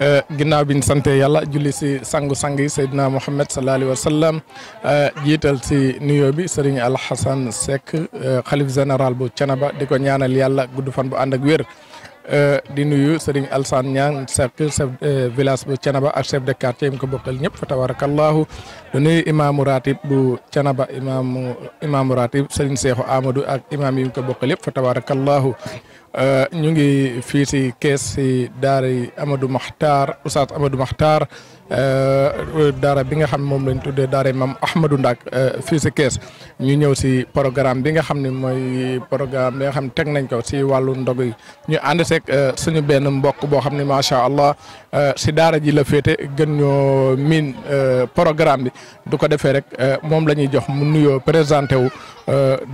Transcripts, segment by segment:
Eh, ginnaaw bi ñu sante yàlla julli si sangu sang yi Seydina Mohamed sallallahu alayhi wa sallam eh, jiital si nuyoo bi sëriñ Alxasan Seck eh, xalif général bu Canaba di ko ñaanal yàlla gudd fan bu ànd ak wér. di nuyu sëriñ Alsaan Ñaan Seck chef village bu Canaba ak chef de quartier mu ko bokkal ñëpp fa tabarakallahu di nuyu imaamu ratib bu Canaba imaamu imaamu ratib sëriñ Seexu Amadou ak imaam yi mu ko bokkal yëpp fa tabarakallahu Euh, ñu ngi fii si kees si daara Amadou Mahtar Oustaz Amadou Mahtar Euh, daara bi nga xam moom lañ tuddee daara mam Ahmadou Ndak euh, fii si Kees ñu ñëw si programme bi nga xam ni mooy programme bi nga xam ne teg nañ ko si wàllu ndog yi ñu ànd seeg euh, suñu benn mbokk boo xam ne macha allah si daara ji la féete gën ñoo miin programme bi du ko defee rek moom la ñuy jox mu nuyoo présenté wu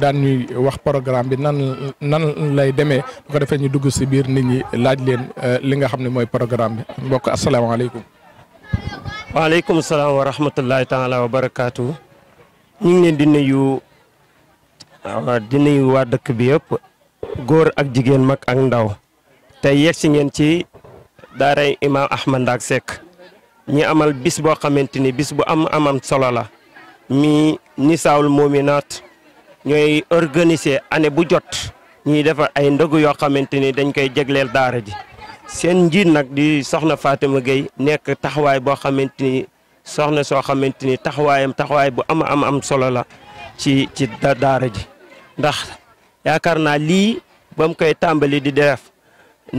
daan ñuy wax programme bi nan nan lay demee du ko defee ñu dugg si biir nit ñi laaj leen li nga xam ne mooy programme bi mbokk asalaamaaleykum. waaleykum salaam wa rahmatullahi taala wa barakaatu. ñu ngi leen di nuyu di nuyu waa dëkk bi yépp góor ak jigéen mag ak ndaw. tey yegg si ngeen ci daaray imaam Ahmad Ndack Seck. ñi amal bis boo xamante ni bis bu am amam solo la. mi nisaawul moominaat ñooy organiser année bu jot. ñuy defar ay ndogu yoo xamante ni dañ koy jegleel daara ji. seen njiit nag di soxna Fatima Gueye nekk taxawaay boo xamante ni soxna soo xamante ni taxawaayam taxawaay bu am am am solo la ci ci daara ji ndax yaakaar naa lii ba mu koy tàmbali di def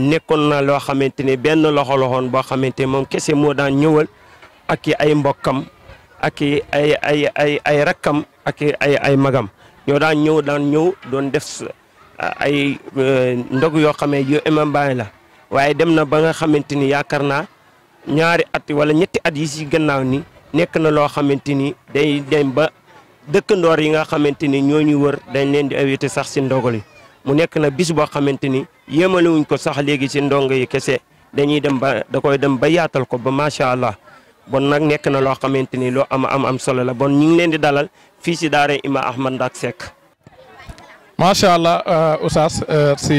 nekkoon na loo xamante ni benn loxo loxoon boo xamante ni moom kese moo daan ñëwal ak i ay mbokkam ak i ay ay ay ay rakkam ak i ay magam ñoo daan ñëw daan ñëw doon def ay euh, ndog yoo xam ne yu imam baay la waaye dem na ba nga xamante ni yaakaar naa ñaari at wala ñetti at yi ci gannaaw ni nekk na loo xamante ni day dem ba dëkkandoor yi nga xamante ni ñoo ñu wër dañ leen di invité sax ci ndogo li mu nekk na bis boo xamante ni yéemalewuñ ko sax léegi ci ndongo yi kese dañuy dem ba da koy dem ba yaatal ko ba macha allah bon nag nekk na loo xamante ni loo am am am solo la bon ñu ngi leen di dalal fii si ci daara Imam Ahmed Ndack Seck macha allah euh, Oustaz euh, si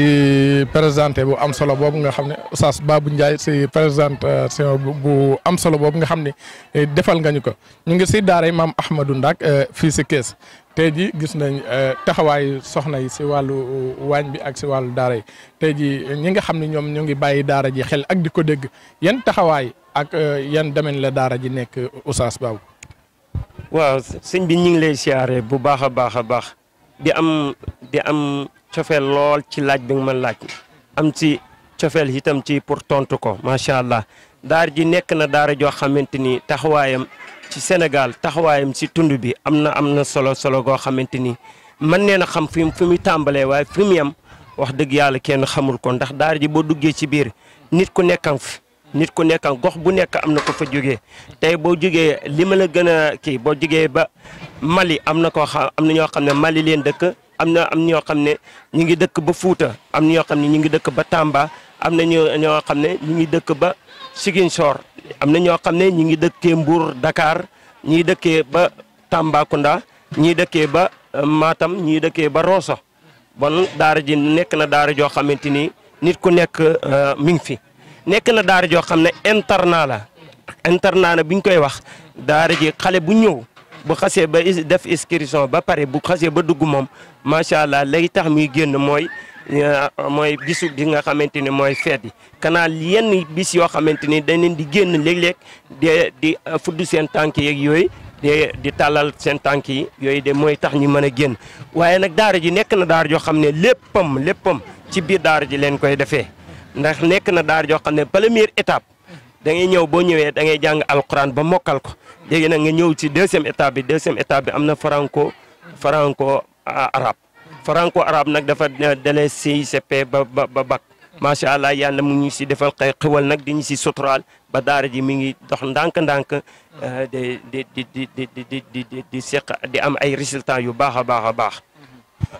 présenté bu am solo boobu nga xam ne Oustaz Babou Ndiaye si présentation bu am solo boobu nga xam ne eh, defal nga ñu ko ñu ngi si daara maam Ahmadou Ndak euh, fii si Kees tey jii gis nañ taxawaayu soxna yi si wàllu waañ bi ak si wàllu daara yi tey jii ñi nga xam ni ñoom ñu ngi bàyyi daara ji xel ak di ko dégg yan taxawaay ak yan domaine la daara ji nekk Oustaz Babou. waaw sëñ bi ñu ngi lay siyaare bu baax a baax a baax. di am di am cofeel lool ci laaj bi nga ma laaj am ci cofeel itam ci pour tontu ko macha allah daara ji nekk na daar joo xamante ni taxawaayam ci Sénégal taxawaayam ci tund bi am na am na solo solo goo xamante ni mën nee na xam fi mu muy tàmbalee waaye fi mu yem wax dëgg yàlla kenn xamul ko ndax daara ji boo duggee ci biir nit ku nekkam fi nit ku nekk gox bu nekk am na ko fa jógee tey boo jógee li ma la gën a kii boo jógee ba Mali am na ko xam am na ñoo xam ne Mali leen dëkk am na am ñoo xam ne ñu ngi dëkk ba Fuuta am na ñoo xam ne ñu ngi dëkk ba Tamba am na ñoo xam ne ñu ngi dëkk ba Ziguinchor am na ñoo xam ne ñu ngi dëkkee mbuur dakaar ñii dëkkee ba Tambacounda ñii dëkkee ba euh, maatam ñii dëkkee ba Rosso bon daara ji nekk na daara joo xamante ni nit ku nekk euh, mi ngi fi. nekk na daara joo xam ne internat la internat na bu ñu koy wax daara ji xale bu ñëw bu xasee ba def inscription ba pare bu xasee ba dugg moom macha allah lay tax muy génn mooy euh, mooy bisu bi nga xamante ni mooy feet yi kanaal yenn bis yoo xamante ni dañ leen di génn léeg-léeg di euh, fudd seen tànk yeeg yooyu di tàllal seen tànk yi yooyu de mooy tax ñu mën a génn waaye nag daara ji nekk na daara joo xam ne léppam léppam ci biir daara ji leen koy defee ndax nekk na daar joo xam ne première étape da ngay ñëw boo ñëwee da ngay jàng alquran ba mokkal ko léegi nag nga ñëw si deuxième étape bi deuxième étape bi am na franco franco euh, arabe franco arabe nag dafa dalee CICP ba ba ba bac macha allah yàlla mu ngi si defal xëy xewal nag di ñu si ba daara ji mi ngi dox ndànk-ndànk euh, di di di di di di di am ay résultats yu baax a baax a baax.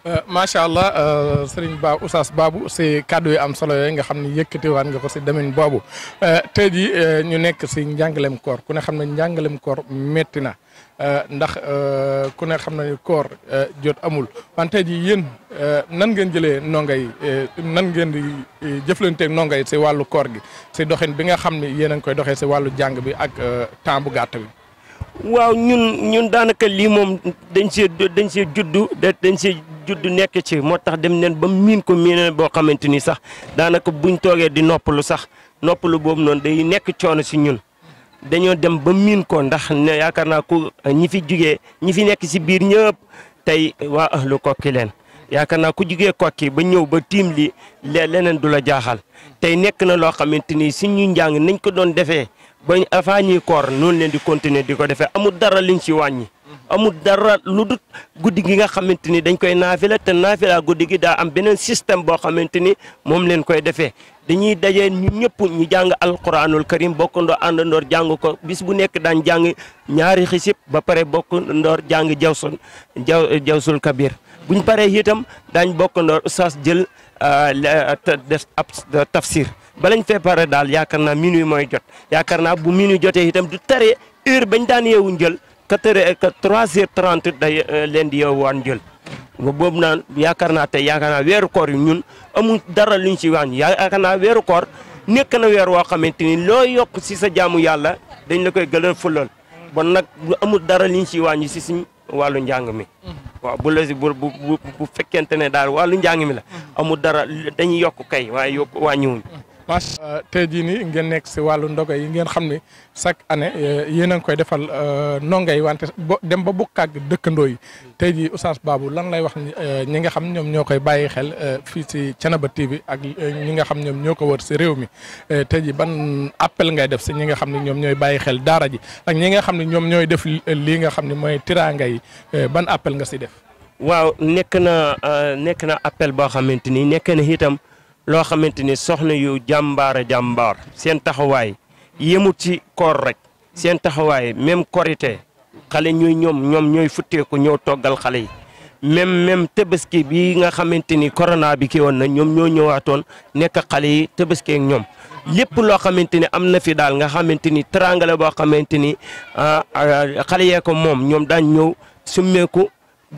Euh, macha allah euh, sëriñ Ba Oustaz baabu si kàddu yu am solo yooyu nga xam ne yëkkatiwaan nga ko si domaine boobu euh, tey jii ñu nekk si njàngalem koor ku ne xam ne njàngalem koor métti na ndax ku ne xam ne koor jot amul wante tey jii yéen nan ngeen jëlee ndongay nan ngeen di jëflanteeg yi si wàllu koor gi si doxin bi nga xam ne yéen a ngi koy doxee si wàllu jàng bi ak temps bu gàtt bi. waaw ñun ñun daanaka lii moom dañ see dañ see juddu dañ si juddu nekk ci moo tax dem neen ba miin ko miinee boo xamante ni sax daanaka buñ toogee di noppalu sax noppalu boobu noonu day nekk coono si ñun. dañoo dem ba miin ko ndax ne yaakaar naa ku ñi fi jugee ñi fi nekk si biir ñëpp tey waa ahlu kokki leen yaakaar naa ku jugee kokki ba ñëw ba tiim li leneen du la jaaxal tey nekk na loo xamante ni suñu njàng nañ ko doon defee. ba avant ñuy koor noonu leen di continuer di ko defee amul dara liñ ci wàññi. amul dara lu dut guddi gi nga xamante ni dañ koy naafila te naafila guddi gi daa am beneen système boo xamante ni moom leen koy defee dañuy daje ñu ñëpp ñu jàng alquranul karim bokkandoo àndandoor jàng ko bis bu nekk daan jàng ñaari xisib ba pare bokkandoor jàng jawsul jaw jawsul kabir buñ paree itam daañ bokkandoor oustaz jël euh, euh, def ab tafsir balañ fee pare daal yaakaar naa minuit mooy jot yaakaar naa bu jote jotee itam du tere heure bañ daan yeewu njël quatre heures et trois heures trente day euh, leen di yeewuwaan njël boobu naan yaakaar naa tey yaakaar naa weeru koor yi ñun amul dara luñ ci wàññi yaakaar naa weeru koor nekk na weer woo xamante ni loo yokk si sa jaamu yàlla dañ la koy gën a fulal bon nag amul dara liñ ci wàññi si suñ wàllu njàng mi. Mm-hmm. waaw bu la si bu bu bu fekkente ne daal wàllu njàng mi la. Mm-hmm. amul dara dañuy yokk kay waaye yokk wàññiwuñ. macha allah euh, tey jii nii ngeen nekk si wàllu ndogo yi ngeen xam ne chaque année euh, yéen a ngi koy defal euh, ndongo yi wante dem ba bokk ak dëkkandoo yi tey jii Oustaz Babou lan lay wax ñi nga xam ñoom ñoo koy bàyyi xel fii si Thiénaba TV ak ñi nga xam ñoom ñoo ko wër si réew mi tey jii ban appel ngay def si ñi nga xam ne ñoom ñooy bàyyi xel daara ji ak ñi nga xam ne ñoom ñooy def lii nga xam ne mooy tiraanga yi ban appel nga si def. waaw nekk na appel boo xamante nekk na itam loo xamante ni soxna yu jàmbaara jàmbaar seen taxawaay yemut ci koor rek seen taxawaay même korité xale ñuy ñoom ñoom ñooy futteeku ñoo toggal xale yi même même tabaski bi nga xamante ni corona bi ki woon na ñoom ñoo ñëwaatoon nekk xale yi tabaski ak ñoom lépp loo xamante ni am na fi daal nga xamante ni teraanga boo xamante ni ah, ah, xale yee ko moom ñoom daañ ñëw summeeku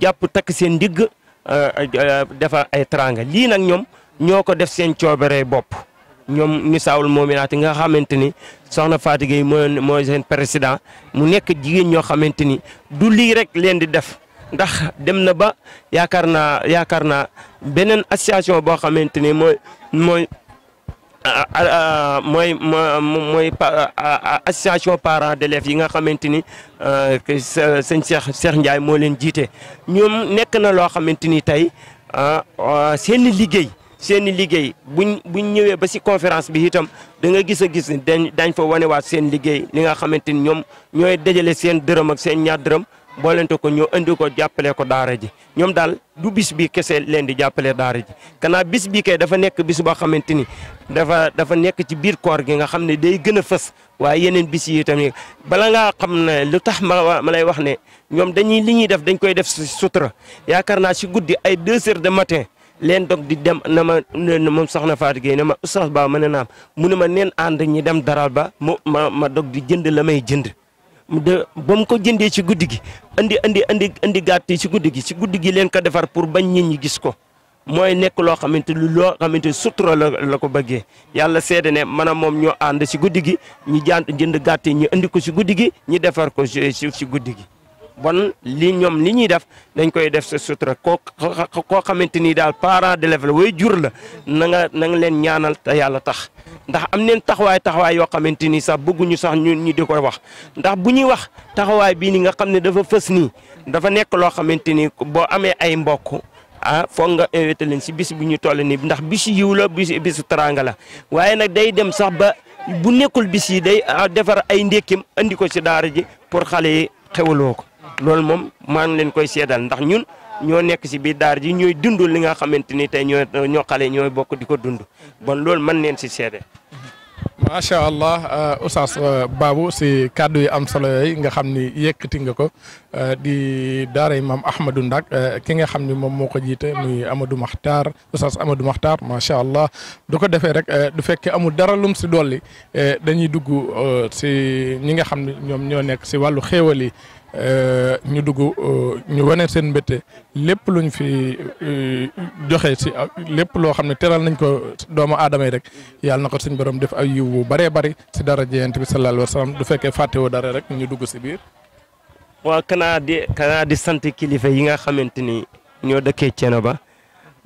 jàpp takk seen ndigg ah, dafa ay teraanga lii nag ñoom ñoo ko def seen coobere bopp ñoom nisaawul moominaati nga xamante ni soxna Fatou Gueye mooy mooy seen président mu nekk jigéen ñoo xamante ni du lii rek leen di def ndax dem na ba yaakaar naa yaakaar naa beneen association boo xamante ni mooy mooy mooy mooy association parents d'élèves yi nga xamante ni euh, sëñ Cheikh Cheikh Ndiaye moo leen jiite ñoom nekk na loo xamante ni tey euh, euh, seen liggéey. seen i liggéey buñ buñ ñëwee ba si conférence bi itam da nga gis a gis ni dañ dañ fa wanewaat seen liggéey li nga xamante ni ñoom ñooy dajale seen dërëm ak seen ñaar dërëm boolente ko ñoo indi ko jàppale ko daara ji ñoom daal du bis bi kese leen di jàppale daara ji kanaa bis bi kay dafa nekk bis boo xamante ni dafa dafa nekk ci biir koor gi nga xam ne day gën a fës waaye yeneen bis yi tamit bala ngaa xam ne lu tax ma ma lay wax ne ñoom dañuy li ñuy def dañ koy def sutura yaakaar naa si guddi ay deux heures de matin leen dog di dem na ma moom soxna Fatou Gueye ne ma oustaz Ba ma ne naam mu ne ma neen ànd ñi dem daral ba mo ma ma dog di jënd la may jënd de ba ko jëndee ci guddi gi andi andi andi andi gàtt yi ci guddi gi ci guddi gi leen ko defar pour bañ nit ñi gis ko mooy nekk loo xamante lu loo xamante suturo la la ko bëggee yàlla seede ne maanaam moom ñoo ànd ci guddi gi ñu jaan jënd gàtt yi ñu andi ko si guddi gi ñu defar ko ci ci guddi gi bon li ñoom li ñuy def dañ koy def sa sutura koo koo xamante ni daal parent d'élève la way jur la na nga na nga leen ñaanal te yàlla tax ndax am neen taxawaay taxawaay yoo xamante ni sax bëgguñu sax ñu ñu di koy wax ndax bu ñuy wax taxawaay bii ni nga xam ne dafa fës ni dafa nekk loo xamante ni boo amee ay mbokk ah foog nga invité leen si bis bu ñu toll nii ndax bisu yiw la bisu bisu teraanga la waaye nag day dem sax ba bu nekkul bis yi day ah, defar ay ndékkim andi ko si daara ji pour xale yi xewaloo ko loolu moom maan leen koy seedal ndax ñun ñoo nekk si biir daar ji ñooy dund li nga xamante ni tey ñoo ñoo xale ñooy bokk di ko dund bon loolu mën neen si seede. macha allah uh, oustaz uh, Babou si kàddu yi am solo nga xam ni yëkkati nga ko uh, di daara imam ahmadu Ndak ki nga xam ni moom moo ko jiite muy Amadou Makhtar oustaz Amadou Makhtar macha allah du ko defee rek du fekkee amul dara lum si dolli dañuy dugg si ñi nga xam ni ñoom ñoo nekk si wàllu xéewal yi. Euh, ñu dugg euh, ñu wane seen mbette lépp luñ fi euh, joxe si lépp loo xam ne teral nañ ko doomu aadama yi rek yàlla na ko suñ borom def ay yiw bu bëree bëri si dara jeyant bi sallallahu alayhi wa sallam du fekkee fàttewoo dara rek ñu dugg si biir. waaw kanaa di kanaa di sant kilifa yi nga xamante ni ñoo dëkkee Thiénaba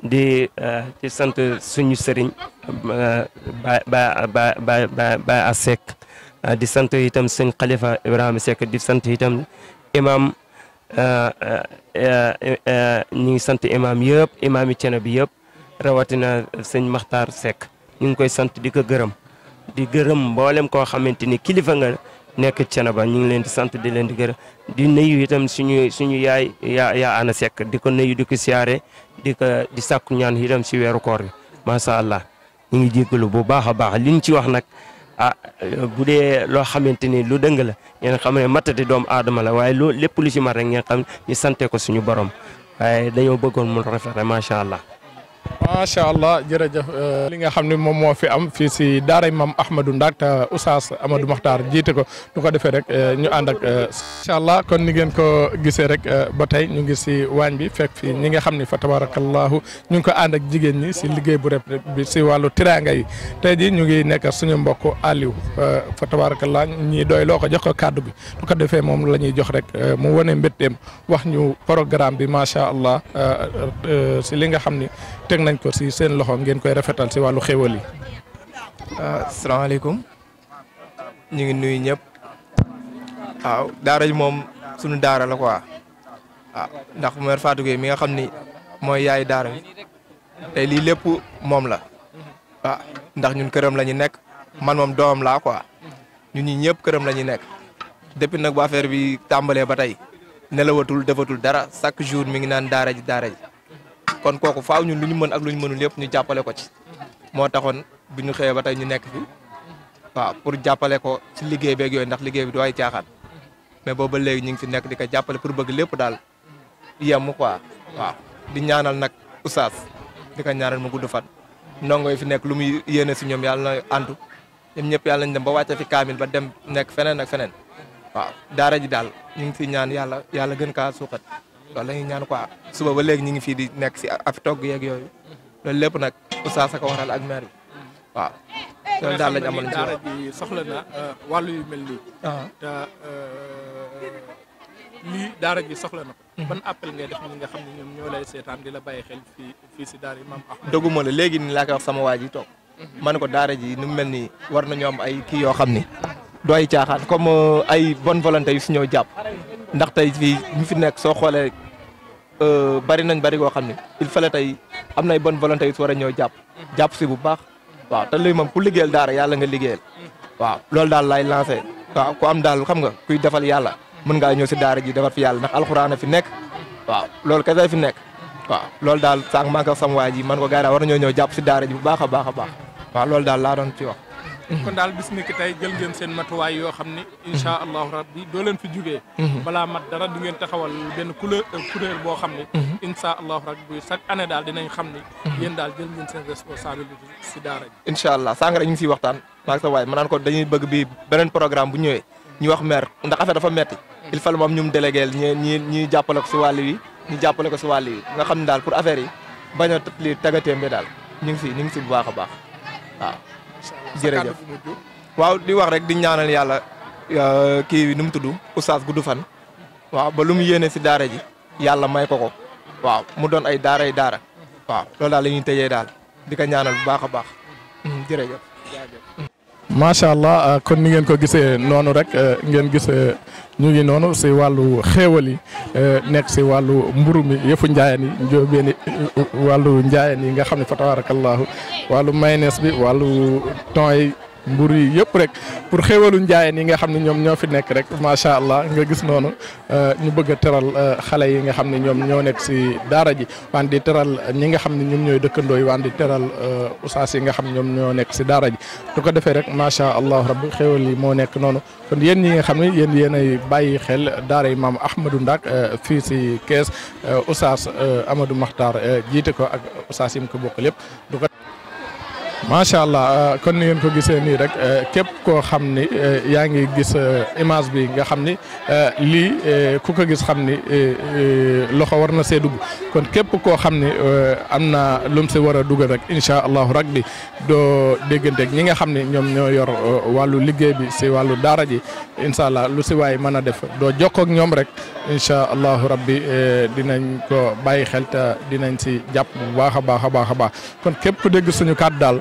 di ci sant suñu sëriñ ba ba ba ba ba Asek di sant itam sëñ Khalifa Ibrahima Seck di sant itam. imaam euh, euh, euh, ñu ngi sant imaam yëpp imaam yi cene bi yëpp rawatina sëñ Makhtar Seck ñu ngi koy sant di ko gërëm di gërëm mboolem koo xamante ni kilifa nga nekk cene ba ñu ngi leen sant di leen di gërëm di nuyu itam suñu suñu yaay yaa yaa ana Seck di ko nuyu di ko siyaare di ko di sàkku ñaan itam si weeru koor bi allah ñu ngi jéggalu bu baax a baax liñ ci wax nag. ah euh, bu dee loo xamante ni lu dëng la ngeen xam ne matati doomu aadama la waaye loolu lépp lu si mat rek ngeen xam ñu sante ko suñu borom waaye dañoo bëggoon mu rafet macha allah. macha allah jërëjëf euh, li nga xam ne moom moo fi am fii si daaray maam Ahmadou Ndak te Oustaz Amadou Makhtar jiite ko nu ko defee rek euh, ñu ànd ak incha euh, allah kon ni ngeen ko gisee rek ba tey ñu ngi si waañ bi fekk fii ñi nga xam ni fa tabarakallahu ñu ngi ko ànd ak jigéen ñi si liggéey bu rep bi si wàllu tiraanga yi tey ji ñu ngi nekk suñu mbokku Aliou fa tabarakallah ñii doy loo ko jox ko kàddu bi nu ko defee moom la ñuy jox rek mu wane mbétteem wax ñu programme bi macha allah si li nga xam ni teg nañ ko si seen loxo ngeen koy rafetal si wàllu xéwal yi. asalaamaaleykum ah, ñu ngi nuyu ñëpp waaw ah, daara ji moom sunu daara la quoi ah, ndax mère mi nga xam ni mooy yaay daara bi tey lii lépp moom la ndax ñun këram la ñu nekk man moom doom laa quoi ñun ñi ñëpp këram la ñu nekk depuis nag bu affaire bi tàmbalee ba tey nelawatul defatul dara chaque jour mi ngi naan daara ji daara ji. kon kooku faaw ñun lu ñu mën ak lu ñu mënul yëpp ñu jàppale ko ci moo taxoon bi ñu xëyee ba tey ñu nekk fi waaw pour jàppale ko ci liggéey beeg yooyu ndax liggéey bi du ay caaxaan mais ba léegi ñu ngi fi nekk di ko jàppale pour bëgg lépp daal yem ko waaw di ñaanal nag oustaz di ko ñaanal mu gudd fan ndongo yi fi nekk lu muy yéene si ñoom yàlla na antu ñoom ñëpp yàlla nañ dem ba wàcce fi kaamil ba dem nekk feneen ak feneen waaw daara ji daal ñu ngi si ñaan yàlla yàlla gën kaa suuxat loolu la ñuy ñaan a suba ba léegi ñu ngi fi di nekk si ab togg yeeg yooyu loolu lépp nag oustaz sa ko waral ak maire bi waaw. loolu daal lañ amoon ci daara bi na euh, wàllu yu mel nii. Ah. te euh, lii daara bi na ko. Mm-hmm. ban appel ngay def ñi nga xam ne ñoom ñoo lay seetaan di la bàyyi xel fii fii si daara yi maam Ahmad. doguma la mm-hmm. ma ne ko daara ji ni mel ni war na ñoom ay kii yoo xam ni. doy caaxaan comme euh, ay bonne volonté yu si ñëw jàpp ndax tey fi nekk soo xoolee. Euh, bari nañ bari koo xam ne il fallait tey am nay bonne volonté yu si war a ñëw jàpp jàpp si bu baax waaw te léegi moom ku liggéeyal daara yàlla nga liggéeyal waaw loolu daal laay lancé waaw ku am daal xam nga kuy defal yàlla mën ngaa ñëw si daara ji defal fi yàlla ndax alxuraan fi nekk waaw loolu kese fi nekk waaw loolu daal sànq maa ngi ko sama ji man ko gars yi daal war nañoo ñëw jàpp si daara ji bu baax a baax a baax waaw lool daal laa doon ci wax kon daal bis ni ki tey jël ngeen seen matuwaay yoo xam ni insha allahu rabbi doo leen fi jógee mhm. balaa mat dara di ngeen taxawal benn couleur euh, couleur boo xam ni mhm. insha allahu rabbi chaque année daal dinañ xam ni mhm. yéen daal jël ngeen seen responsabilité si daara ji insha allah sànq rek ñu ngi siy waxtaan maag sa waay ma naan ko dañuy bëgg bi beneen programme bu ñëwee ñu wax maire ndax affaire dafa metti il faut moom ñu mu délégué ñi ñi ñuy jàppale ko si wàll wi ñu jàppale ko si wàll wi nga xam ne daal pour affaire yi bañ a li tagatéem bi daal ñu ngi si ñu ngi si bu baax a baax waaw jërëjëf waaw di wax rek di ñaanal yàlla euh, kii nu mu tudd oustaz gudd fan waaw ba lu mu yéene si daara ji yàlla may ko ko waaw mu doon ay daaray daara waaw loolu daal la ñuy tëjee daal di ñaanal bu baax a baax hmm, jërëjëf macha allah ah, kon ni ngeen ko gisee noonu rek eh, ngeen gis ñu ngi noonu si wàllu xéewal yi eh, nekk si wàllu mburu mi yëfu njaayeen yi njóobeen eh, wàllu njaayeen yi nga xam ne fa tabarakallahu wàllu maynees bi wàllu temps yi mbur yi yëpp rek pour xéwalu njaayeen yi nga xam ne ñoom ñoo fi nekk rek macha allah nga gis noonu euh, ñu bëgg a teral euh, xale yi nga xam ne ñoom ñoo nekk si daara ji waan di teral ñi nga xam ne ñoom ñooy dëkkandoo yi waan di teral euh, usaas yi nga xam ñoom ñoo nekk si daara ji du ko defee rek macha allah rabbi xéwal yi moo nekk noonu kon yéen ñi nga xam ne yéen yéen ay bàyyi xel daara yi maam Ahmadou Ndak fii si kees usaas Amadou Makhtar jiite ko ak usaas yim mu ko bokk lépp macha allah euh, kon ni ngeen ko gisee nii rek euh, képp koo xam ni euh, yaa ngi gis image bi nga xam ni lii ku ko gis xam ni loxo war na see kon képp koo xam ni am na lum si war a dugal rek incha allah rak bi doo dégganteeg ñi nga xam ni ñoom ñoo yor wàllu liggéey bi si wàllu daara ji incha allah lu si waay mën a def doo jokkoo ñoom rek incha allahu rabbi dinañ ko bàyyi xel dinañ si jàpp bu baax a baax a baax a baax kon képp ku dégg suñu kàddu daal.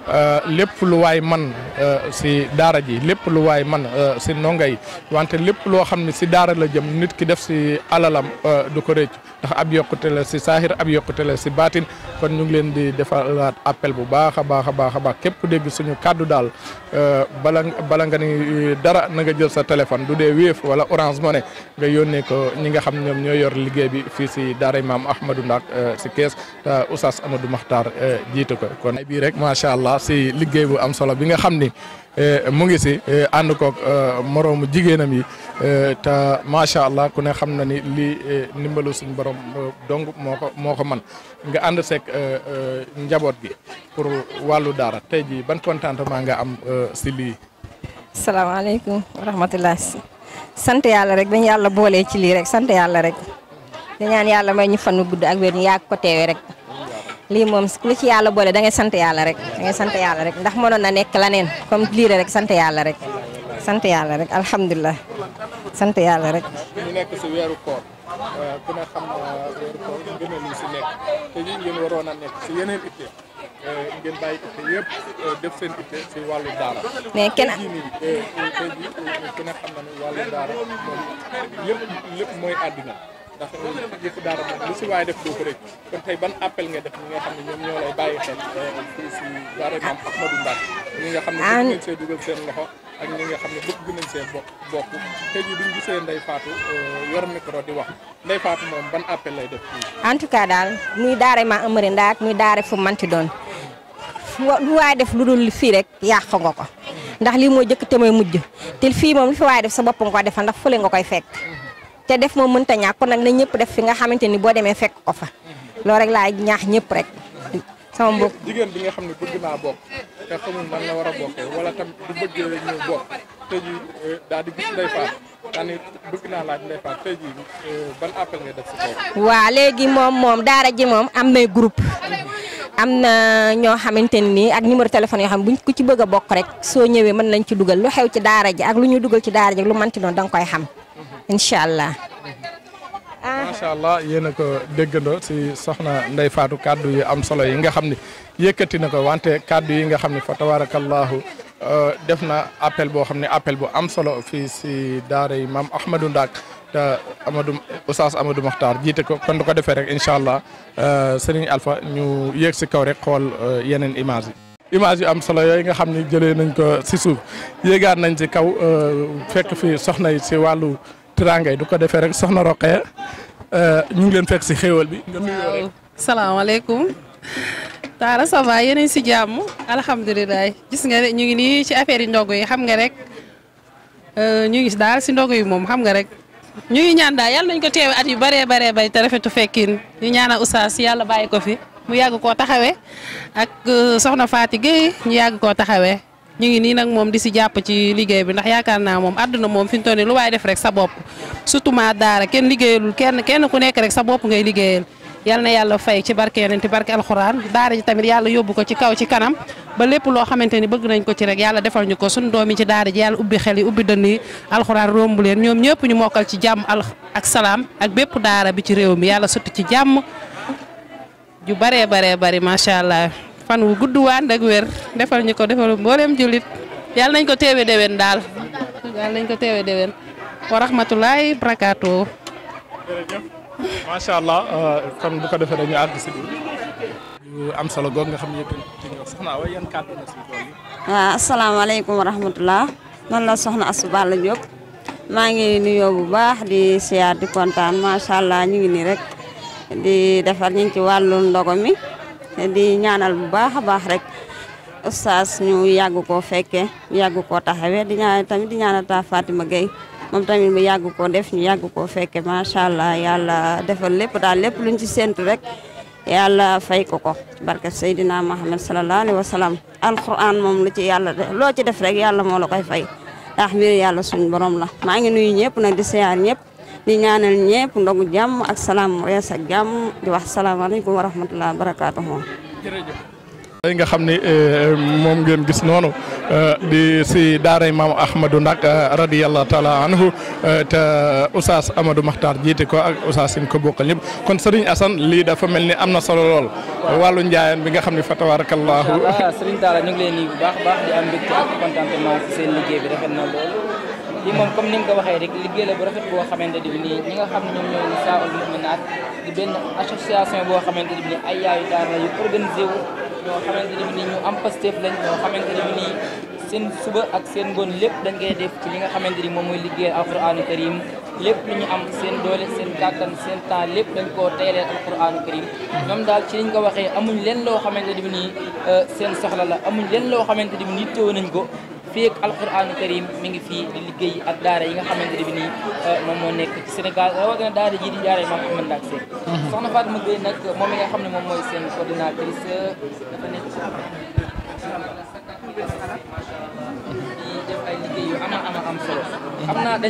Euh, lépp lu waay man euh, si daara ji lépp lu waay man euh, si ndongo yi wante lépp loo xam ne si daara la jëm nit ki def si alalam du ko rëcc ndax ab yokkute si saahir ab yokkute la si baatin kon ñu ngi leen di defalaat appel bu baax a baax a baax a baax képp dégg suñu kàddu daal bala bala nga ni dara na nga jël sa téléphone du dee Wave wala Orange Money nga yónnee ko ñi nga xam ñoom ñoo yor liggéey bi fii si daara maam Ahmadou Ndak si kees Oustaz Amadou Makhtar jiite ko kon bii rek macha allah allah si liggéey bu am solo bi nga xam ni eh, mu ngi si eh, ànd koog eh, moroomu jigéenam yi te macha allah ku ne xam na ni lii ndimbalu suñu borom dong moo ko moo ko man nga ànd seeg njaboot gi pour wàllu daara tey jii ban contentement nga am si lii. salaamaaleykum wa rahmatulah. sant yàlla rek dañu yàlla boole ci lii rek sant yàlla rek. dañaan yàlla may ñu fan gudd ak wér ñu ko teewee rek. lii moom li ci yàlla boole dangay sant yàlla rek da ngay sant yàlla rek ndax mënoon na nekk leneen comme lii rek sant yàlla rek sant yàlla rek alhamdulilah sant yàlla rek. ñu nekk si weeru koor euh, ku ne xam weeru koor gën a lu nekk te yii ngeen waroon a nekk si yeneen itte euh, ngeen euh, def seen itte si wàllu daara. mais kenn tey jii mooy àddina. ndax yëpp daara moom lu si waaye def doo ko rek kon tey ban appel nga def ñi nga xam ne ñoom ñoo lay bàyyi xel euh, fii si daara maam Ahmadou Mbacké ñi nga xam ne bëgg nañ see dugal seen loxo ak ñi nga xam ne bëgg nañ bokk bokk tey jii duñ gisee Ndeye Fatou euh, yor micro di wax Ndeye Fatou moom ban appel lay def en tout cas daal muy daara ma amari ndaak muy daara fu manti doon lu waaye def lu dul fii rek yàq nga ko ndax lii moo jëkk te mooy mujj te fii moom lu fi waaye def sa bopp nga ko defal ndax fële nga koy fekk te def moom mënta ñàkk kon nag na ñëpp def fi nga xamante ni boo demee fekk ko fa loolu rek laa ñaax ñëpp rek sama mbokk jigéen bi nga xam ne bëgg war a bokkee wala tam euh, euh, léegi moom moom daara ji moom am nay groupe am na ñoo xamante ni ak numéro téléphone yoo xam ne buñ ku ci bëgg a bokk rek soo ñëwee mën nañ ci dugal lu xew ci daara ji ak lu ñuy dugal ci daara ji lu manti noonu da nga koy xam incha allah. macha allah yéen a ko déggandoo si soxna Ndeye Fatou kaddu yu am solo yi nga xam ne yëkkati na ko wante kaddu yi nga xam ne fa tabarakallahu euh, def na appel boo xam ne appel bu am solo fii si daara yi maam Ahmadou Ndak te Amadou Oustaz Amadou Makhtar jiite ko kon du ko defee rek incha allah euh, Serigne alfa ñu yéeg si kaw rek xool euh, yeneen image image yu am solo nga xam ne jëlee nañ ko si suuf yéegaat nañ si kaw fekk fi soxna yi si wàllu. tiraangay du ko defee rek soxna Roqee euh, ñu ngi leen fekk si xéewal bi. nga nuyoo rek salaamaaleykum. Talla ça va yéen si jàmm alhamdulilah gis nga ñu ngi nii ci affaire yi ndogu yi xam nga rek euh, ñu ngi daal si ndogu yi moom xam nga rek. ñu ngi ñaan daal yàlla nañu ko teewe at yu bëree bëree bay te rafetu fekkin ñu ñaanal oustaz yàlla bàyyi ko fi mu yàgg koo taxawee ak euh, soxna Faati Gueye ñu yàgg koo taxawee. ñu ngi nii nag moom di si jàpp ci liggéey bi ndax yaakaar naa moom àdduna moom fi mu lu waay def rek sa bopp surtout ma daara kenn liggéeyalul kenn kenn ku nekk rek sa bopp ngay liggéeyal yal na yàlla fay ci barke yeneen te barke alxuraan daara ji tamit yàlla yóbbu ko ci kaw ci kanam ba lépp loo xamante ni bëgg nañ ko ci rek yàlla defal ñu ko suñu doom yi ci daara ji yàlla ubbi xel yi ubbi dënn yi alxuraan romb leen ñoom ñëpp ñu mokkal ci jàmm ak salaam ak bépp daara bi ci réew mi yàlla sotti ci jàmm ju baree baree bari macha allah fan wu gudd waan ak ñu ko defal mboolem jullit yàlla nañ ko teewe déwén daal yàlla ko teewe déwén wa rahmatulahi barakaatu. jërëjëf euh, ko defee dañu am solo goog nga xam soxna wa yan kàddu la si tool maa ngi nuyoo bu baax di siyaar di kontaan macha allah ñu ngi nii rek di defar ñu ngi ci wàllu ndogo mi. di ñaanal bu baax a baax rek ustaas ñu yàgg koo fekkee yàgg koo taxawee di ñaanal tamit di ñaanal ta Fatima Gueye moom tamit mu yàgg koo def ñu yàgg koo fekkee macha allah yàlla defal lépp daal lépp luñ ci séntu rek yàlla fay ko ko barke Seydina Muhammad sallallahu alayhi wa salaam alquran moom lu ci yàlla loo ci def rek yàlla moo la koy fay ndax mbir yàlla suñu borom la maa ngi nuyu ñëpp nag di siyaar ñëpp. di ñaanal ñëpp ndogu jàmm ak salaam rees ak jàmm di wax salaamaaleykum wa rahmatulah barakaatu moom. tey nga xam ni euh, moom ngeen gis noonu euh, di si daaray maam Ahmadou Ndak euh, radiyallahu taala anhu te Oustaz Amadou Makhtar jiite ko ak Oustaz sin ko bokkal ñëpp kon Serigne Assane lii dafa mel ni am na solo lool. wàllu njaayeen bi nga xam ne fa tabarakallahu. Ah, lii moom comme ni nga ko waxee rek liggéey la bu rafet boo xamante ne nii ñi nga xam ne ñoom ñooy Nisaa'ul Mu'minaat di benn association boo xamante ne bii ay yaayu daara la yu organisé wu ñoo xamante ne bii ñu am Pastef lañ ñoo xamante ne bii seen suba ak seen ngoon lépp dañ koy def ci li nga xamante ni moom mooy liggéey liggéeyal alquraanu karim lépp lu ñu am seen doole seen kàttan seen temps lépp dañ koo teyalee alquranu karim ñoom daal ci liñ ko waxee amuñ leen loo xamante ni bi nii euh, seen soxla la amuñ leen loo xamante ni bi nii teew nañ ko fii ak alquranu karim mu ngi fii di liggéey ak daara yi nga xamante ni bi nii euh, moom moo nekk ci Sénégal rawatina daara ji di daara Mame Ahmed Ndack Seck mhm. soxna Fatima Gueye nag moom mi nga xam ne moom mooy seen coordinatrice euh, dafa nekk di def ay liggéey yu ama ama am solo xam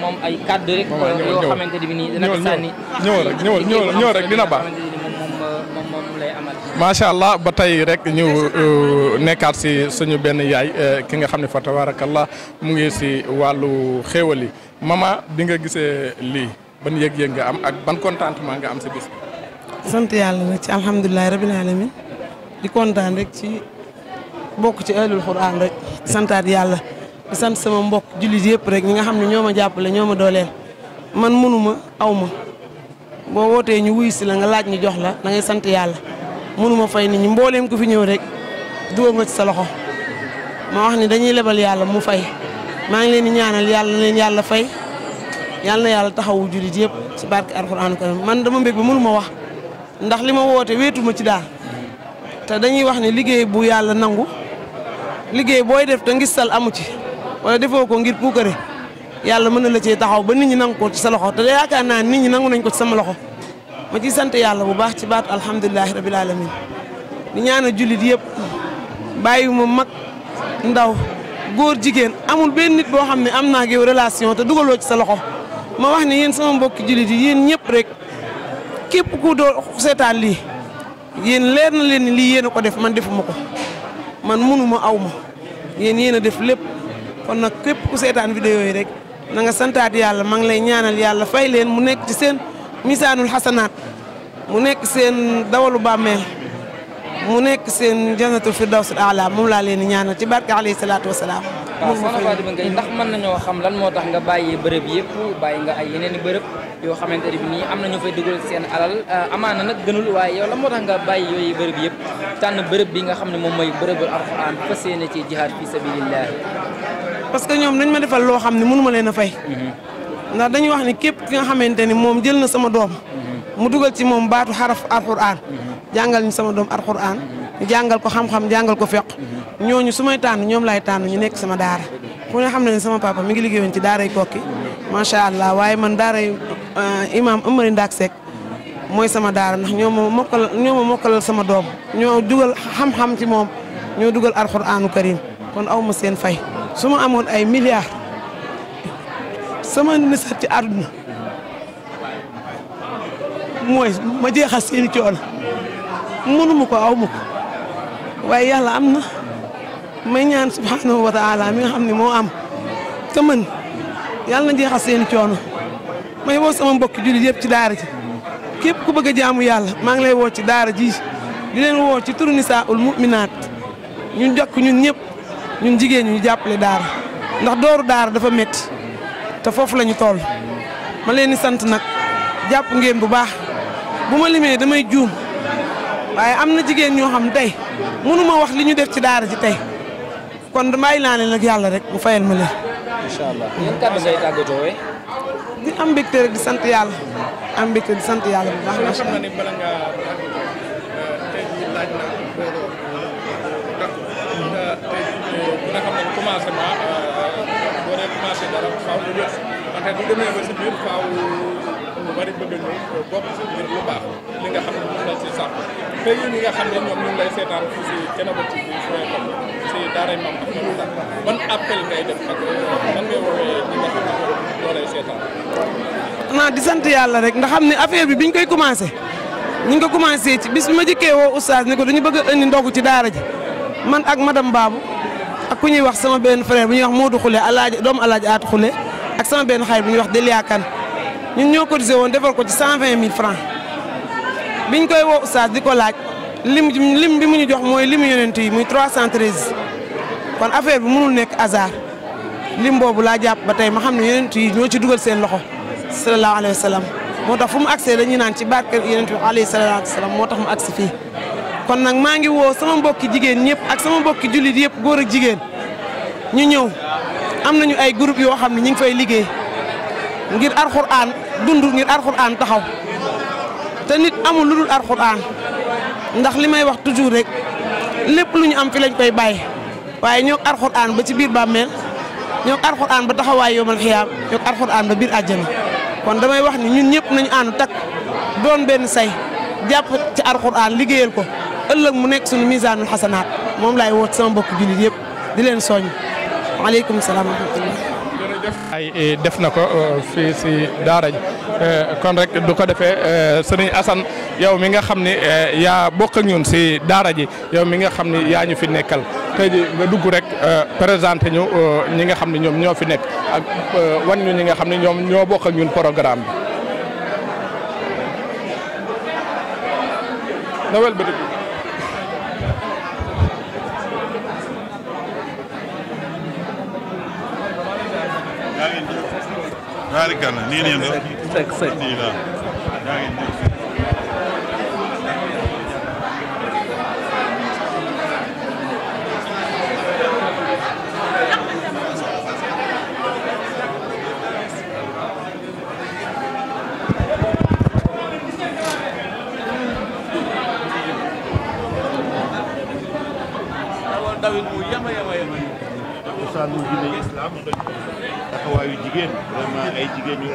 moom ay kàddu rek. yoo xamante ne nii dina allah ba tey rek ñu euh, nekkaat si suñu benn yaay euh, ki nga xam ne fa tabarakallah mu ngi si wàllu xéewal yi mama bi nga gisee lii ban yëg-yëg nga am ak ban contentement nga am si bis sant yàlla nag ci alhamdulilah rabil alamin di kontaan rek ci bokk ci ahlul quran rek santaat yàlla di sant sama mbokk jullit yëpp rek ñi nga xam ne ñoo ma jàppale ñoo ma dooleel man mënuma aw ma boo wootee ñu wuyu si la nga laaj ngi jox la da ngay sant yàlla mënuma fay nit ñi mbooleem ku fi ñëw rek dugal nga ci sa loxo ma wax dañuy lebal yàlla mu fay maa ngi leen di ñaanal yàlla na yàlla fay yàlla yàlla taxawu jullit yëpp ci barke alxuraan karim man dama mbég ba mënuma wax ndax li ma woote wéetuma ci daal te dañuy wax ne liggéey bu yàlla nangu liggéey booy def te sal amu ci wala defoo ko ngir puukare yàlla mën na la cee taxaw ba nit ñi nangu ko ci sa loxo te yaakaar naa nit ñi nangu nañ ko ci sama loxo ma ciy sant yàlla bu baax ci baat alhamdulilahi rabil alamin di ñaana jullit yëpp bàyyi ma mag ndaw góor jigéen amul benn nit boo xam ne am naa ak yow relation te dugaloo ci sa loxo ma wax ni yéen sama mbokki jullit yi yéen ñëpp rek képp ku doo seetaan lii yéen leer na leen ni lii yéen a ko def man defuma ko man munu ma aw yéen a def lépp. kon nag képp ku seetaan vidéo yi rek na nga santaat yàlla maa lay ñaanal yàlla fay leen mu nekk ci seen misaanul xasanaat mu nekk seen dawalu bàmmeel mu nekk seen jannatul firdawsul aala moom laa leen di ñaanal ci barke alayhi salaatu wasalaam waaw soxna Fatou Binta Gueye ndax mën nañoo xam lan moo tax nga bàyyi bërëb yëpp bàyyi nga ay yeneen bërëb yoo xamante ne bi nii am nañu fay dugal seen alal euh, amaana nag gënul waaye yow lan moo tax nga bàyyi yooyu bërëb yëpp tànn bërëb bi nga xam ne moom mooy bërëbu alxuraan fas yéene ci parce que ñoom dañ ma defal loo xam ne mënu ma leen a fay. ndax dañuy wax ni képp ki nga xamante ni moom jël na sama doom. mu dugal ci moom baatu xaraf alxuraan. jàngal ñu sama doom alxuraan. jàngal ko xam jàngal ko feq ñooñu su may ñoom laay tànn ñu nekk sama daara ku ne xam na ne sama papa mi ngi liggéeyoon ci daaray kokki macha allah waaye man daaray euh, imaam Amary Ndaak Seck mooy sama daara ndax ñoo ma mokkal ñoo ma mokkalal sama doom ñoo dugal xam-xam ci moom ñoo dugal alxuraanu karim kon aw ma seen fay. su ma amoon ay milliards sama nisat ci àdduna mooy ma jeexal seeni coono mënuma ko aw ma waaye yàlla am na may ñaan subhanahu wa taala mi nga xam ne moo am te yàlla na jeexal seeni coono may woo sama mbokki jullit yëpp ci daara ji képp ku bëgg a jaamu yàlla maa ngi lay woo ci daara ji di leen woo ci turu nisaa ul mu'minaat ñun jokk ñun ñëpp ñun jigéen ñu ñu jàppale daara ndax dooru daara dafa métti te foofu lañu ñu toll ma leen di sant nag jàpp ngeen bu baax bu ma limee damay juum waaye am na jigéen ñoo xam tey mënu ma wax li ñu def ci daara ji tey kon bàyyi naa leen ak yàlla rek bu fayal ma leen. incha allah yan kàddu ngay di sant yàlla am mbégte di sant yàlla bu baax macha wante di sant yàlla rek ndaxam ni ne bi bi biñ koy commencé ñu nga ko ci bis bi ma jëkkee woo oustaz ni ko dañu bëgg a indi ndogu ci daara ji man ak madame Babou ak ku ñuy wax sama benn frère bu ñu wax Modou Khoule alaaji doomu alaaji aat Khoule. ak sama benn xarit bu ñuy wax Delia Kane ñun ñoo cotisé woon defal ko ci cent vingt mille biñ koy woo oustaz di ko laaj lim lim bi mu ñu jox mooy limu yonent yi muy trois cent treize kon affaire bi mënul nekk hasard lim boobu laa jàpp ba tey ma xam ne yonent yi ñoo ci dugal seen loxo sallallahu alayhi wa sallam moo tax fu mu agsee dañuy naan ci barke yonent bi alayhi salaatu wasalaam moo tax mu agsi fii kon nag maa ngi woo sama mbokki jigéen ñëpp ak sama mbokki jullit yëpp góor ak jigéen ñu ñëw am nañu ay groupe yoo xam ne ñu ngi fay liggéey ngir alxuraan dund ngir alxuraan taxaw te nit amul lu ndax li may wax toujours rek lépp lu ñu am fi lañ koy bàyyi waaye ñoo alxuraan ba ci biir bàmmeel ñoo alxuraan ba taxawaay yomal xiyaam ñoo alxuraan ba biir àjjana kon damay wax ni ñun ñëpp nañu ànd takk doon benn say jàpp ci alxuraan liggéeyal ko ëllëg mu nekk suñu misaanul xasanaat moom laay woot sama mbokk jullit yëpp di leen soññ waaleykum salaam wa rahmatulah. ay eh, def na ko eh, fii si daara ji eh, kon rek du ko defee sëriñ Assane yow mi nga xam ni yaa bokk ak ñun si daara ji yow mi nga xam ni yaa ñu fi nekkal tey ji nga dugg rek présenté ñu ñi nga xam ne ñoom ñoo fi nekk ak wan ñu ñi nga xam ne ñoom ñoo bokk ak ñun programme ñaari gànna nii nii la sec sec nii la yaa ngi nii dawit bu yama yama yama taxawaayu jigéen vraiment ay jigéen ñu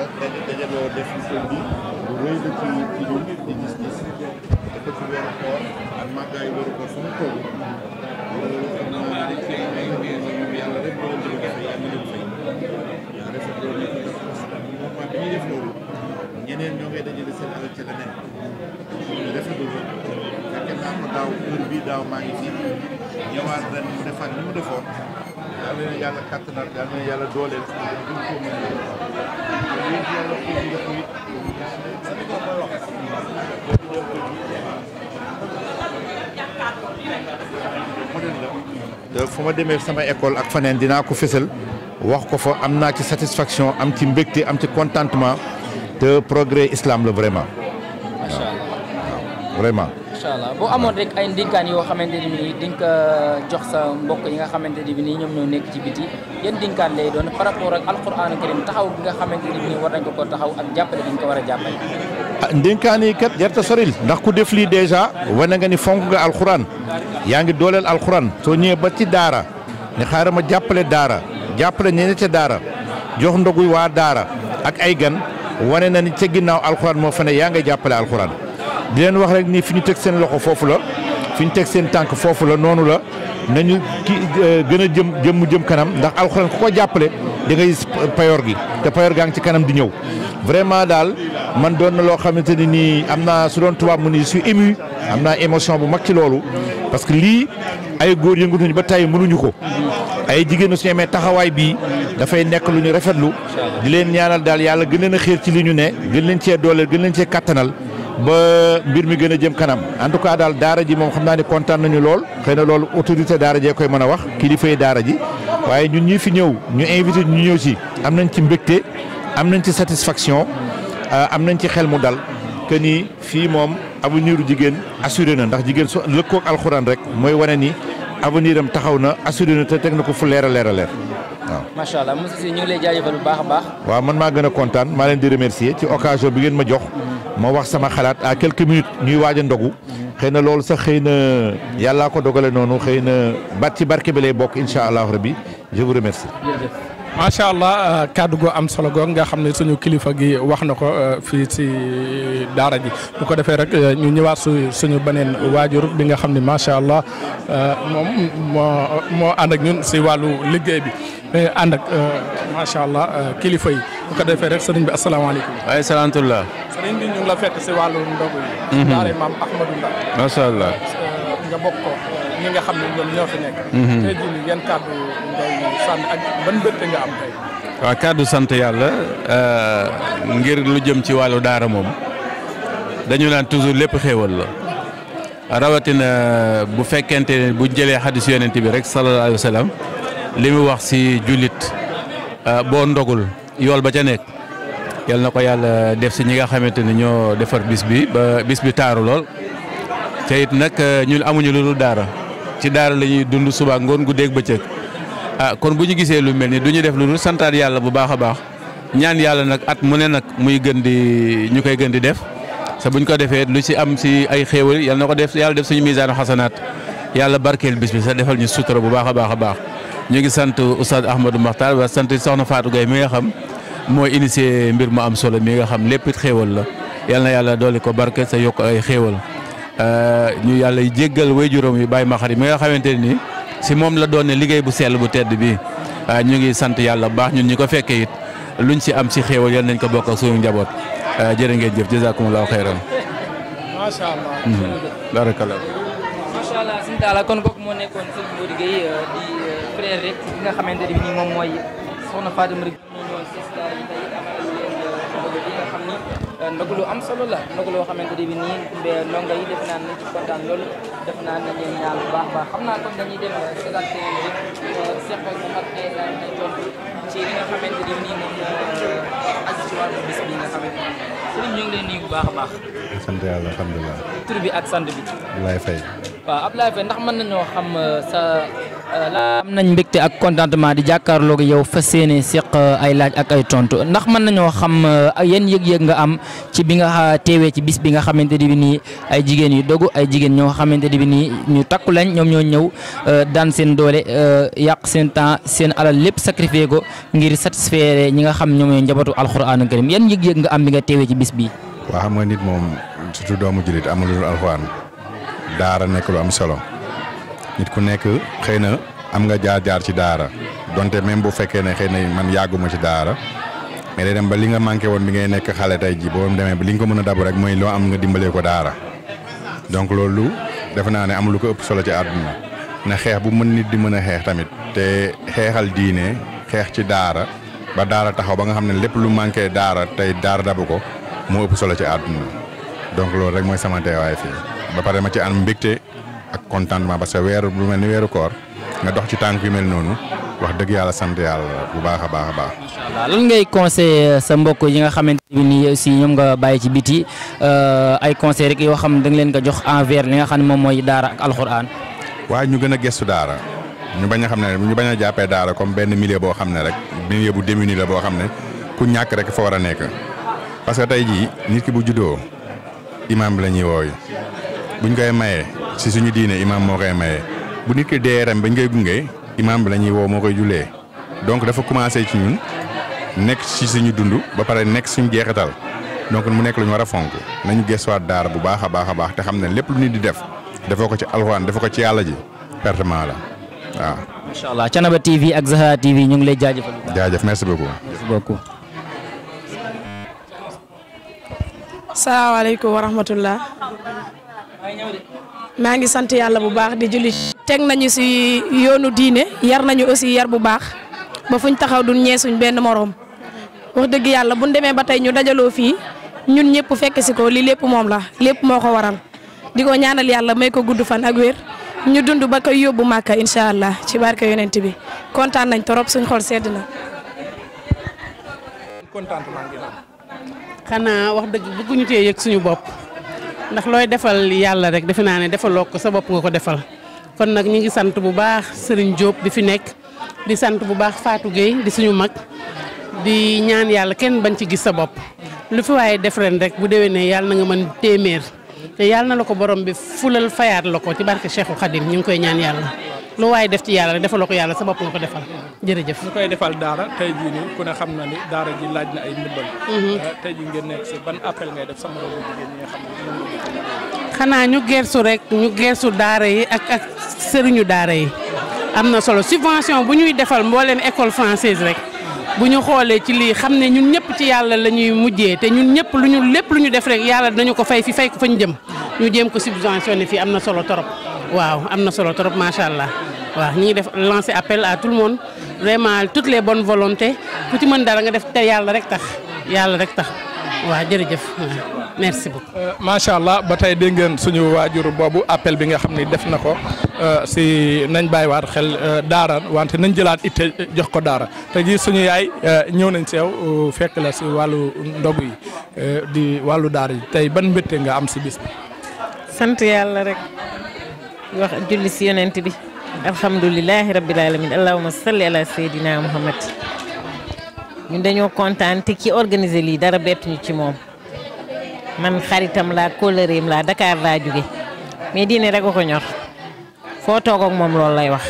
dajaloo def ci seen bi lu rëy la ci ci ñun di gis-gis te ci weeru koor ak màggaay weeru koor fu mu toll loolu xam naa dañ cee ay mbir yàlla rek moo leen joxe yàlla na leen fay yaa rafet loolu ñu def moment bi ñuy def loolu ñeneen ñoo ngay dajale seen alal ca leneen ñu rafetlu fekkee naa ko daaw heure bii daaw maa ngi fi ñëwaat ren mu defaat ni mu defoon yal na yàlla kattanal yal yàlla dooleel duñ euh, ko fu ma demee sama école ak faneen dinaa ko fësal wax ko fa am naa ci satisfaction am ci mbégte am ci contentement te progrès islam la vraiment vraiment macha boo amoon rek ay ndénkaan yoo xamante ne bii di euh, jox sa mbokk yi nga xamante ne nii ñoom ñoo nekk ci biti yan ndénkaan lay doon par rapport ak alquraan karim taxaw nga xamante ne bii war nañ ko ko taxaw ak jàppale bi ñu war a jàppale. ah ndénkaan yi soril ndax ku def lii dèjà wane nga ni fonk nga alquraan yaa ngi dooleel alxuraan soo ñëwee ba ci daara ne xaaral ma jàppale daara jàppale ñeneen ca daara jox ndogu waa daara ak ay gan wane na ni ca ginnaaw alquraan moo fa yaa ngay jàppale alquraan di leen wax rek nii fi ñu teg seen loxo foofu la fi ñu teg seen tànk foofu la noonu la nañu ki euh, gën jëm jëm jëm kanam ndax alxuraan ku ko jàppale da ngay payoor gi te payoor gaa ngi ci kanam di ñëw vraiment daal man doon na loo xamante ne nii am naa su doon tubaab mu ni su ému am naa émotion bu mag ci loolu parce que lii ay góor yëngatu ba tey mënuñu ko ay jigéen su ñu taxawaay bii dafay nekk lu ñu rafetlu di leen ñaanal daal yàlla gën leen a xiir ci li ñu ne gën leen cee dooleel gën leen cee kattanal ba mbir mi gën a jëm kanam en tout cas daal daara ji moom xam naa ne kontaan nañu lool xëy na loolu autorité daara jee koy mën a wax kilifa yi daara ji waaye ñun ñii fi ñëw ñu invité ñu ñëw ci am nañ ci mbégte am nañ ci satisfaction euh, am nañ ci xel mu dal que ni fii moom avenir u jigéen assuré na ndax jigéen su lëkkoog alxuraan rek mooy wane ni avenir am taxaw na assuré na te teg na ko fu leer a leer a leer. waaw macha allah waaw man maa gën a kontaan maa leen di remercier ci occasion bi ngeen ma jox. Mhm. ma wax sama xalaat à quelques minutes ñuy waaj ndogu. Mhm. xëy na loolu sax xëy na yàllaa ko dogale noonu xëy na bat ci barke bi lay bokk incha allah rabbi je vous macha allah euh, kàddu goo am solo goog nga xam ne suñu kilifa gi wax na ko euh, fii si daara ji bu ko defee rek euh, ñu ñëwaat suñu beneen waajur bi nga xam ne macha allah moom moo moo ak ñun ci wàllu liggéey bi. Eh, ànd ak eh, macha allah eh, kilifa yi bu ko defee rek sëriñ bi asalaamaaleykum. waaye salaamtullah. sëriñ bi ñu la fekk si wàllu ndogu yi. Mhm. daara maam Ahmadou Ndaw. macha allah. nga xam ne mhm. kàddu sant yàlla ngir lu jëm ci wàllu daara moom dañu laan toujours lépp xéewal la. rawatina bu fekkente ne bu jëlee xadis yonent bi rek sallallahu salaam li mu wax si jullit ah, boo ndogul yool ba ca nekk yal na ko yàlla def si ñi nga xamante ni ñoo defar bis bi ba bis bi taaru lool te it nag ah, ñun amuñu lu dul daara ci daara la ñuy dund suba ngoon guddeeg bëccëg ah kon bu ñu gisee lu mel ni du ñu def lu dul santaat yàlla bu baax a baax ñaan yàlla nag at mu ne nag muy gën di ñu koy gën di def sa buñ ko defee lu ci am ci ay xéewal yal na ko def yàlla def suñu misaanu xasanaat yàlla barkeel bis bi sa defal ñu sutura bu baax a baax a baax. ñu ngi sant Oustaz Ahmadou Makhtar ba sant soxna Fatou Gueye mi nga xam moo initié mbir mu am solo mi nga xam lépp it xéewal la yal yàlla doole ko barke sa yokk ay xéewal euh, ñu yàlla jéggal juróom yi Baye Makhari mi nga xamante ni si moom la doon ne liggéey bu seel bu tedd bi euh, ñu ngi sant yàlla bu baax ñun ñi ko fekkee lu luñ si am si xéewal yal nañ ko bokk ak suñu njaboot euh, jërë ngeen jëf jazakumullahu xayran. macha allah. Mhm. barakallah. allah suñu daala kon kooku moo nekkoon sëñ Modou Gueye euh, di euh, frère rek ci nga xamante ne nii moom mooy soxna Fadima rek. ñoo ñëwoon si si daal di tey amal leen li euh, nga xam ni ndogu lu am solo la ndogu loo xamante ne nii ndongo yi def naan nañ ci kontaan loolu def naa nañ leen ñaan bu baax baax xam naa kon dañuy dem seetaan seen rek seq ak ak ay ay tontu ci li nga xamante ne nii moom ak ci wàllu bis bi nga xamante ne sëriñ ñu ngi leen nuyu bu baax a baax. sant yàlla alhamdulilah. tur bi ak sant bi. lay fay. waaw Abdoulaye Faye ndax mën nañoo xam euh, sa euh, am nañ mbégte ak contentement di jàkkaarloog yow fa yéene seq euh, ay laaj ak ay tontu ndax mën nañoo xam yan yëg-yëg nga am ci bi nga teewee ci bis bi nga xamante ne bi nii ay jigéen yu dogu ay jigéen ñoo xamante ne bi nii ñu takku lañ ñoom ñoo ñëw daan seen doole yàq seen temps seen alal lépp sacrifié ko ngir satisfaire ñi nga xam ñoom ñoo njabootu alxuraanu karim yan yëg-yëg nga am bi nga teewee ci bis bi. waa xam nga nit moom surtout doomu jullit amul alxuraan daara nekk lu am solo nit ku nekk xëy na am nga jaar jaar ci daara donte même bu fekkee ne xëy na man yàgguma ci daara mais day dem ba li nga manqué woon bi ngay nekk xale tey jii boo demee ba li nga ko mën a dab rek mooy loo am nga dimbalee ko daara donc loolu defe naa ne am lu ko ëpp solo ci àdduna na xeex bu mën nit di mën a xeex tamit te xeexal diine xeex ci daara ba daara taxaw ba nga xam ne lépp lu manqué daara tey daara dabu ko moo ëpp solo ci àdduna donc loolu rek mooy sama teewaay fii. ba pare ma ci am mbégte ak contentement parce que weeru lu mel ni weeru koor nga dox ci tànk yu mel noonu wax dëgg yàlla sant yàlla bu baax a baax a baax. lan ngay conseil euh, sa mbokk yi nga xamante ne nii ñoom nga bàyyi ci biti euh, ay conseil rek yoo xam ne da leen ko jox envers li nga xam ne moom mooy daara ak alxuraan. waa ñu gën a gëstu daara ñu bañ a xam ne ñu bañ a jàppee daara comme benn milieu boo xam ne rek milieu bu démuni la boo xam ne ku ñàkk rek fa war a nekk parce que tey jii nit ki bu juddoo bi la ñuy wooyu buñ koy mayee si suñu diine imaam moo koy mayee bu nit ki deeram bañ koy gunge imaam bi la ñuy woo moo koy jullee donc dafa commencé ci ñun nekk si suñu dund ba pare nekk suñu jeexital donc mu nekk lu ñu war a fonk nañu gestuwaat daara bu baax a baax a baax te xam ne lépp lu nit di def defoo ko ci alxuraan defoo ko ci yàlla ji pertement la waaw. macha allah Thiénaba TV ak Zahra TV ñu ngi lay jaajëfal. jaajëf merci beaucoup. merci beaucoup. salaamaaleykum wa rahmatullah maa ngi sant yàlla bu baax di julli teg nañu si yoonu diine yar nañu aussi yar bu baax ba fuñ taxaw du ñeesuñ benn moroom wax dëgg yàlla buñ demee ba tey ñu dajaloo fii ñun ñëpp fekk si ko lii lépp moom la lépp moo ko waral di ko ñaanal yàlla may ko gudd fan ak wér ñu dund ba koy yóbbu màkka incha allah ci barke yonent bi kontaan nañ torop suñ xol sedd na. kontaan wax dëgg bëgguñu tee yëg suñu bopp. ndax looy defal yàlla rek defe naa ne defaloo ko sa bopp nga ko defal kon nag ñu ngi sant bu baax Serigne Diop bi fi nekk di sant bu baax Fatou Gueye di suñu mag di ñaan yàlla kenn bañ ci gis sa bopp lu fi waaye def ren rek bu déwénee yàlla na nga mën téeméer te yàlla na la ko borom bi fulal fayaat la ko ci barke Cheikhou Khadim ñu ngi koy ñaan yàlla. lu waaye def ci yàlla rek defaloo ko yàlla sa bopp nga ko defal jërëjëf ñu koy defal daara tey jii nii ku ne xam na ni daara ji laaj na ay ndimbal mhm. eh, tey jii ngeen nekk si ban appel ngay def sama xanaa ñu gersu rek ñu gersu daara yi ak ak sëriñu daara yi am na solo subvention bu ñuy defal mbooleem école française rek bu ñu xoolee ci lii xam ne ñun ñëpp ci yàlla la ñuy mujjee te ñun ñëpp lu ñu lépp lu ñu def rek yàlla dañu ko fay fi fay ko fa ñu jëm ñu jëm ko subventionné fii am na solo torop waaw am na solo trop macha allah waaw ñu ngi def lancer appel à tout monde vraiment toutes les bon volontés ku ci mën a nga def te yàlla rek tax yàlla rek tax waaw jërëjëf merci beaucoup. Euh, macha allah ba tey dégg ngeen suñu waajur boobu appel bi nga xam ni def na ko euh, si nañ bàyyiwaat xel euh, daara wante nañ jëlaat itte jox ko daara te ji suñu yaay ñëw nañ seew fekk la si wàllu ndog yi di wàllu daara yi tey ban mbëttee nga am si bis bi. sant yàlla rek. wax julli si yonent bi alhamdulilahi rabbil alamin allahuma salli ala seydina muhammad ñun dañoo kontaan te ki organiser lii dara bett ci moom man xaritam laa kóllëreem laa dakaar laa jóge mais diine rek a ko ñor foo toog moom loolu lay wax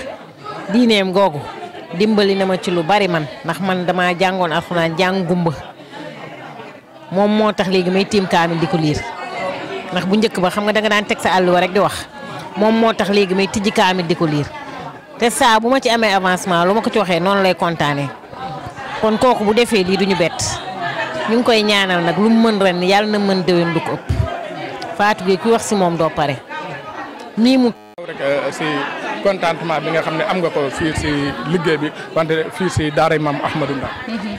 diineem googu dimbali na ma ci lu bari man ndax man dama jàngoon alxuraan jàng gumba moom moo tax léegi may tiim kaamil di ko liir ndax bu njëkk ba xam nga danga daan teg sa àlluwa rek di wax moom moo tax léegi may tijji kaamil di ko liir te saa bu ma ci amee avancement lu ma ko ci waxee noonu lay kontaanee kon kooku bu defee lii duñu bett ñu ngi koy ñaanal nag lu mën mën ni yàlla na mën déwén lu ko ëpp bi Gueye ku wax si moom doo pare nii mu. rek euh, si contentement bi nga xam ne am nga ko fii si liggéey bi wante fii si Daara Maam Ahmadou Ndak. Mm-hmm.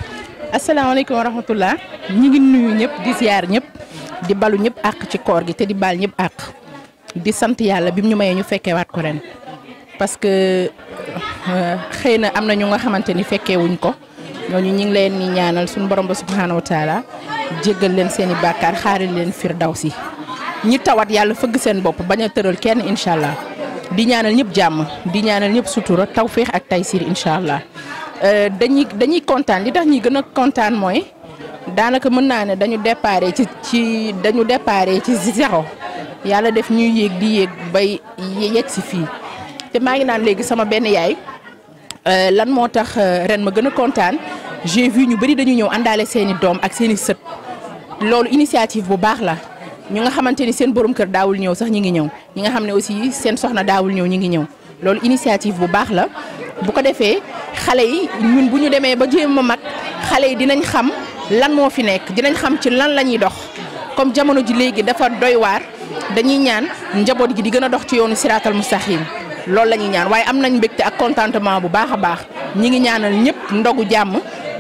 asalaamaaleykum wa rahmatullah ñi ngi nuyu ñëpp di ziar ñëpp di balu ñëpp àq ci koor gi te di baal ñëpp àq. di sant yàlla bi mu ñu mayee ñu fekkeewaat ko ren parce que euh, xëy na am na ñu nga xamante ni fekkeewuñ ko ñooñu ñu ngi leen ñi ñaanal suñu borom ba subhaanahu wa taala jéggal leen seen i leen fir daw si ñi tawat yàlla fëgg seen bopp bañ a tëral kenn incha allah di ñaanal ñëpp jàmm di ñaanal ñëpp sutura tawféex ak taysiir incha allah euh, dañuy dañuy kontaan li tax ñi gën a kontaan mooy daanaka mën naa ne dañu déparé ci ci dañu déparé ci zéro yàlla def ñuy yéeg di yéeg bay yegg si fii te maa ngi naan léegi sama benn yaay euh, lan moo tax euh, ren ma gën a kontaan j'ai vu ñu bëri dañu ñëw àndaale seeni doom ak seen i sët loolu initiative bu baax la ñu nga xamante ni seen borom kër daawul ñëw sax ñi ngi ñëw ñi nga xam ne aussi seen soxna daawul ñëw ñi ngi ñëw loolu initiative bu baax la bu ko defee xale yi ñun bu ñu demee ba jéem a mag xale yi dinañ xam lan moo fi nekk dinañ xam ci lan la ñuy dox dañuy ñaan njaboot gi di gën a dox ci yoonu siraatal mustaxim loolu la ñuy ñaan waaye am nañ mbégte ak contentement bu baax a baax ñi ngi ñaanal ñëpp ndogu jàmm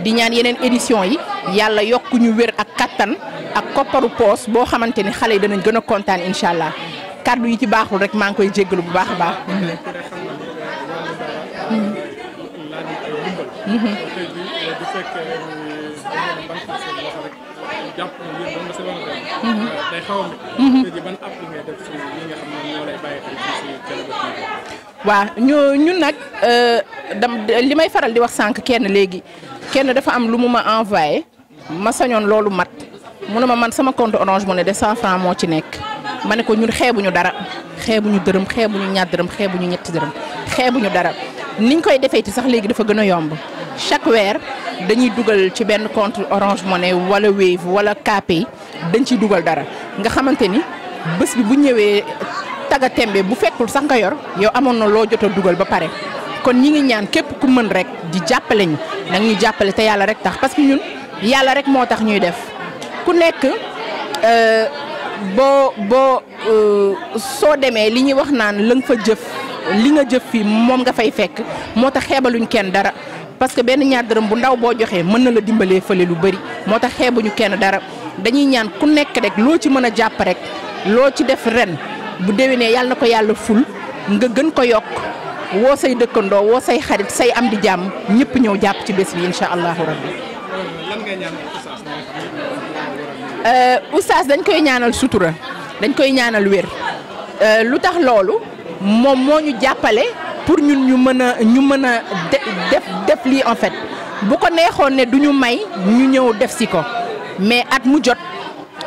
di ñaan yeneen édition yi yàlla yokk ñu wér ak kattan ak kopparu poos boo xamante ni xale yi danañ gën a kontaan incha allah kàddu yi ci baaxul rek maa ngi koy jéggalu bu baax a baax. Mhm. bu fekkee euh, jàpp na yéen ba nga si war li ñu ñun nag euh, li may faral di wax sànq kenn léegi kenn dafa am lu mu ma envoyé ma sañoon loolu mat mu ne ma man sama compte orange mu ne de 100 francs moo ci nekk ma ne ko ñun xeebuñu dara xeebuñu dërëm xeebuñu ñaar dërëm xeebuñu ñetti dërëm xeebuñu dara niñ koy defee ci sax léegi dafa gën a yomb. chaque weer dañuy dugal ci benn compte Orange Money wala Wave wala Kpay dañ ciy dugal dara nga xamante ni bés bi bu ñëwee taga tembe bu fekkul sax nga yor yow amoon na loo jot dugal ba pare kon ñi ngi ñaan képp ku mën rek di jàppale ñu nag ñu jàppale te yàlla rek tax parce que ñun yàlla rek moo tax ñuy def ku nekk euh, boo boo euh, soo demee li ñuy wax naan la nga fa jëf li nga jëf fii moom nga fay fekk moo tax xeebaluñ kenn dara parce que benn ñaar dërëm bu ndaw boo joxee mën na la dimbalee fële lu bëri moo tax ñu kenn dara dañuy ñaan ku nekk rek loo ci mën a jàpp rek loo ci def ren bu déwénee yàlla na ko yàlla ful nga gën ko yokk woo say dëkkandoo woo say xarit say am di jàmm ñëpp ñëw jàpp ci bés bi incha allahu rabbi euh, oustaz dañ koy ñaanal sutura dañ koy ñaanal wér euh, lu tax loolu moom moo ñu jàppale pour ñun ñu mën a ñu mën a def def lii en fait bu ko neexoon ne du ñu may ñu ñëw def si ko mais at mu jot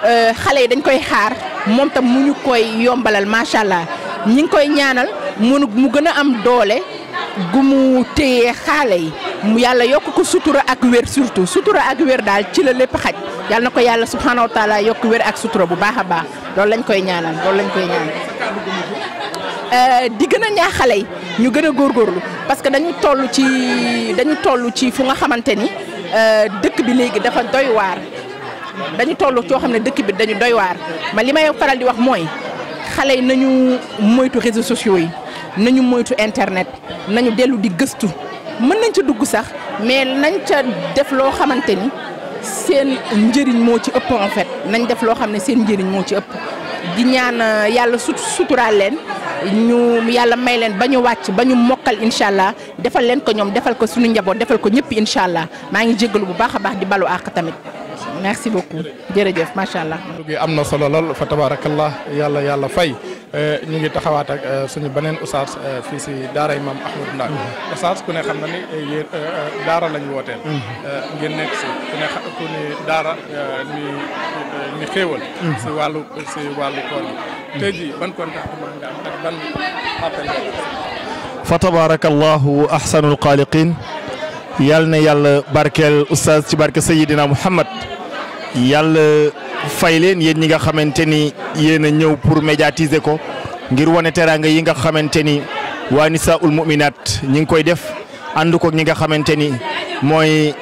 euh, xale yi dañ koy xaar moom tam mu ñu koy yombalal macha allah ñi ngi koy ñaanal mu mu gën a am doole gu mu téye xaale yi mu yàlla yokk ko sutura ak wér surtout sutura ak wér daal ci la lépp xaj yàlla na ko yàlla subhaanahu wa taala yokk wér ak sutura bu baax a baax lañ koy ñaanal loolu lañ koy ñaanal. Euh, di gën a ñaax xale yi ñu gën a góorgóorlu parce que dañu tollu ci dañu toll ci fu nga xamante ni euh, dëkk bi léegi dafa doy waar dañu toll coo xam ne dëkk bi dañu doy waar man li may faral di wax mooy xale yi nañu moytu réseaux sociaux yi nañu moytu internet nañu dellu di gëstu mën nañ ca dugg sax mais nañ ca def loo xamante ni seen njëriñ moo ci ëpp en nañ def loo xam ne seen njëriñ moo ci ëpp di ñaan euh, yàlla sut suturaal leen ñu yàlla may leen ba ñu wàcc ba ñu mokkal incha allah defal leen ko ñoom defal ko suñu njaboot defal ko ñëpp incha allah maa ngi jégalu bu baax a baax di balu àq tamit. merci beaucoup jërëjëf macha allah. gi am na solo lool fa tabaarakallah yàlla yàlla fay eh, ñu ngi taxawaat ak eh, suñu beneen oustaz eh, fii si daara imam Ahmadou Ndak mm-hmm. oustaz ku ne xam na ni daara lañ wooteel. Mm-hmm. ngeen nekk si ku ne ku ni ni mm-hmm. si wàllu si wàllu koor ban contact nga am ak ban appel fa tabaarakallahu ahsanul xaaliqin yal na yàlla barkeel oustaz ci barke Seydina Muhammad yàlla fay leen yéen ñi nga xamante ni yéen a ñëw pour médiatiser ko ngir wane teraanga yi nga xamante ni waa Nisaa'ul Mu'minaat ñi ngi koy def ànd ko ñi nga xamante ni mooy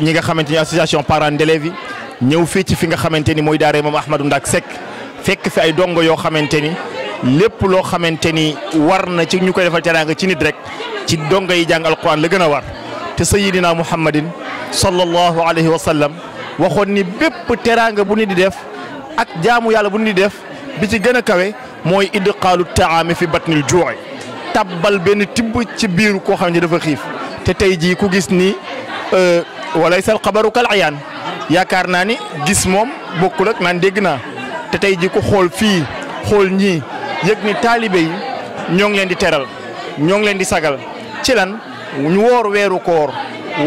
ñi nga xamante ni association parents d'élèves ñëw fii ci fi nga xamante ni mooy daara moom Ahmadou Ndak Seck fekk fi ay dongo yoo xamante ni lépp loo xamante ni war na ci ñu koy defal teraanga ci nit rek ci dongo yi jàng alquran la gën a war te sayyidina muhammadin sallallahu alayhi wa waxoon ni bépp teraanga bu nit di def ak jaamu yàlla bu nit di def bi ci gën a kawe mooy idqaalu taami fi batnil juu'i tabbal benn tibb ci biiru koo xam ne dafa xiif te tey jii ku gis ni euh, sal xabaru kal ayaan yaakaar naa ni gis moom bokkul ak naan dégg naa te tey ji ku xool fii xool ñii yëg ni taalibe yi ñoo ngi leen di teral ñoo ngi leen di sagal ci lan ñu woor weeru koor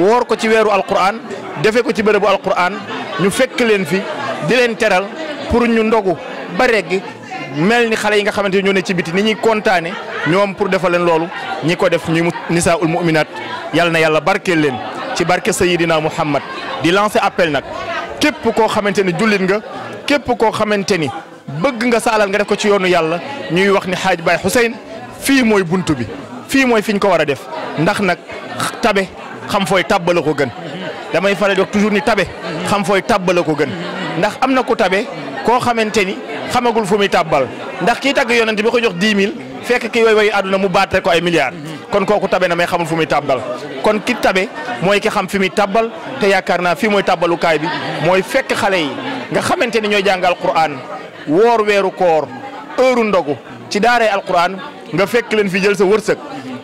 woor ko ci weeru alquran defe ko ci bërëbu alquran ñu fekk leen fi di leen teral pour ñu ndogu ba regg mel ni xale yi nga xamante ni ñoo ne ci biti ni ñuy kontaane ñoom pour defaleen loolu ñi ko def ñu nisaa ul muminat yàlla na yàlla barkeel leen ci barke sayidina muhammad di lancer appel nag képp koo xamante ni jullit nga képp koo xamante ni bëgg nga sa nga def ko ci yoonu yàlla ñuy wax ni xaaj Baye Xuseyn fii mooy bunt bi fii mooy fi ñu ko war a def ndax nag tabe xam fooy tàbbala ko gën damay faral di toujours ni tabe xam fooy tàbbala ko gën ndax am na ku tabe koo xamante ni xamagul fu muy tàbbal ndax kii tagg yonent bi ko jox 10 000 fekk ki way way mu baat rek ko ay milliards kon kooku tabe na may xamul fu muy tàbbal kon ki tabe mooy ki xam fi muy tàbbal te yaakaar naa fii mooy tàbbalukaay bi mooy fekk xale yi nga xamante ni ñooy jàngal Alquraan woor weeru koor heure ndogu ci daaree Alquraan nga fekk leen fi jël sa wërsëg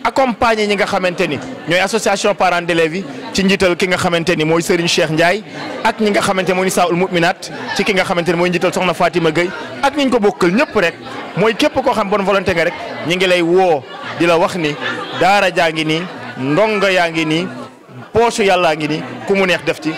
accompagner ñi nga xamante ni ñooy association parents d'élèves yi ci njiital ki nga xamante ni mooy Serigne Cheikh Ndiaye ak ñi nga xamante mooy Nisaa ul Mu'minaat ci ki nga xamante ni mooy njiital soxna Fatima Gueye ak ñi ñu ko bokkal ñëpp rek mooy képp koo xam bonne volonté nga rek ñi ngi lay woo di la wax ni daara jaa ngi ni ndongo yaa ngi nii poosu yàllaa ngi ni ku mu neex def ci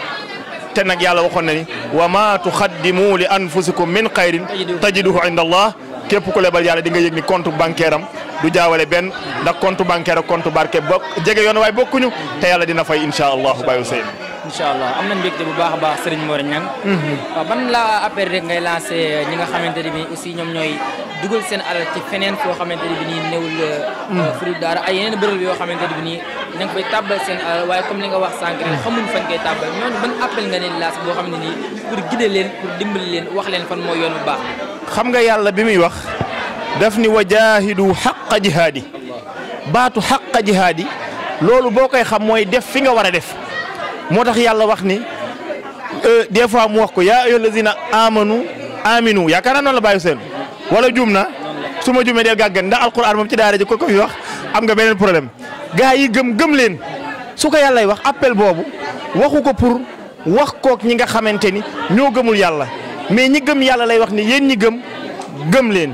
te nag yàlla waxoon na ni wa ma tuqaddimu li anfusikum min xayrin tajiduhu inda allah képp ku lebal yàlla di nga yëg ni compte bancaire am du jaawale benn ndax compte bancaire conte compte barke ba jege yoon waaye ñu te yàlla dina fay incha allahu bayu seen incha allah am na mbégte bu baax a baax Serigne Mor Niang. Mhm. waaw ban la affaire rek ngay lancé ñi nga xamante ne bii aussi ñoom ñooy dugal seen alal ci feneen foo xamante ne bi nii newul. Euh, mhm. euh, Firi Daara ay yeneen bërëb yoo xamante ne bi nii na nga koy tàbbal seen alal waaye comme li nga wax sànq rek xamuñ fan ngay tàbbal ñooñu ban appel nga leen lancé boo xam ne nii pour guider leen pour dimbali leen wax leen fan mooy yoon bu baax. xam nga yàlla bi muy wax. daf ni wa jaahidu xaqa jihaadi baatu xaqa jihaadi loolu boo koy xam mooy def fi nga war a def. moo tax yàlla wax ni euh, des fois mu wax ko yaa ayyuha lazina amanu aminu yaakaar naa noonu la bàyyi seen wala juum na su ma juumee del gàggan ndax alquran moom ci daara ji ko ko fi wax am nga beneen problème gaa yi gëm gëm leen su ko yàllay wax appel boobu waxu ko pour wax kook ñi nga xamante ni ñoo gëmul yàlla mais ñi gëm yàlla lay wax ni yéen ñi gëm gëm leen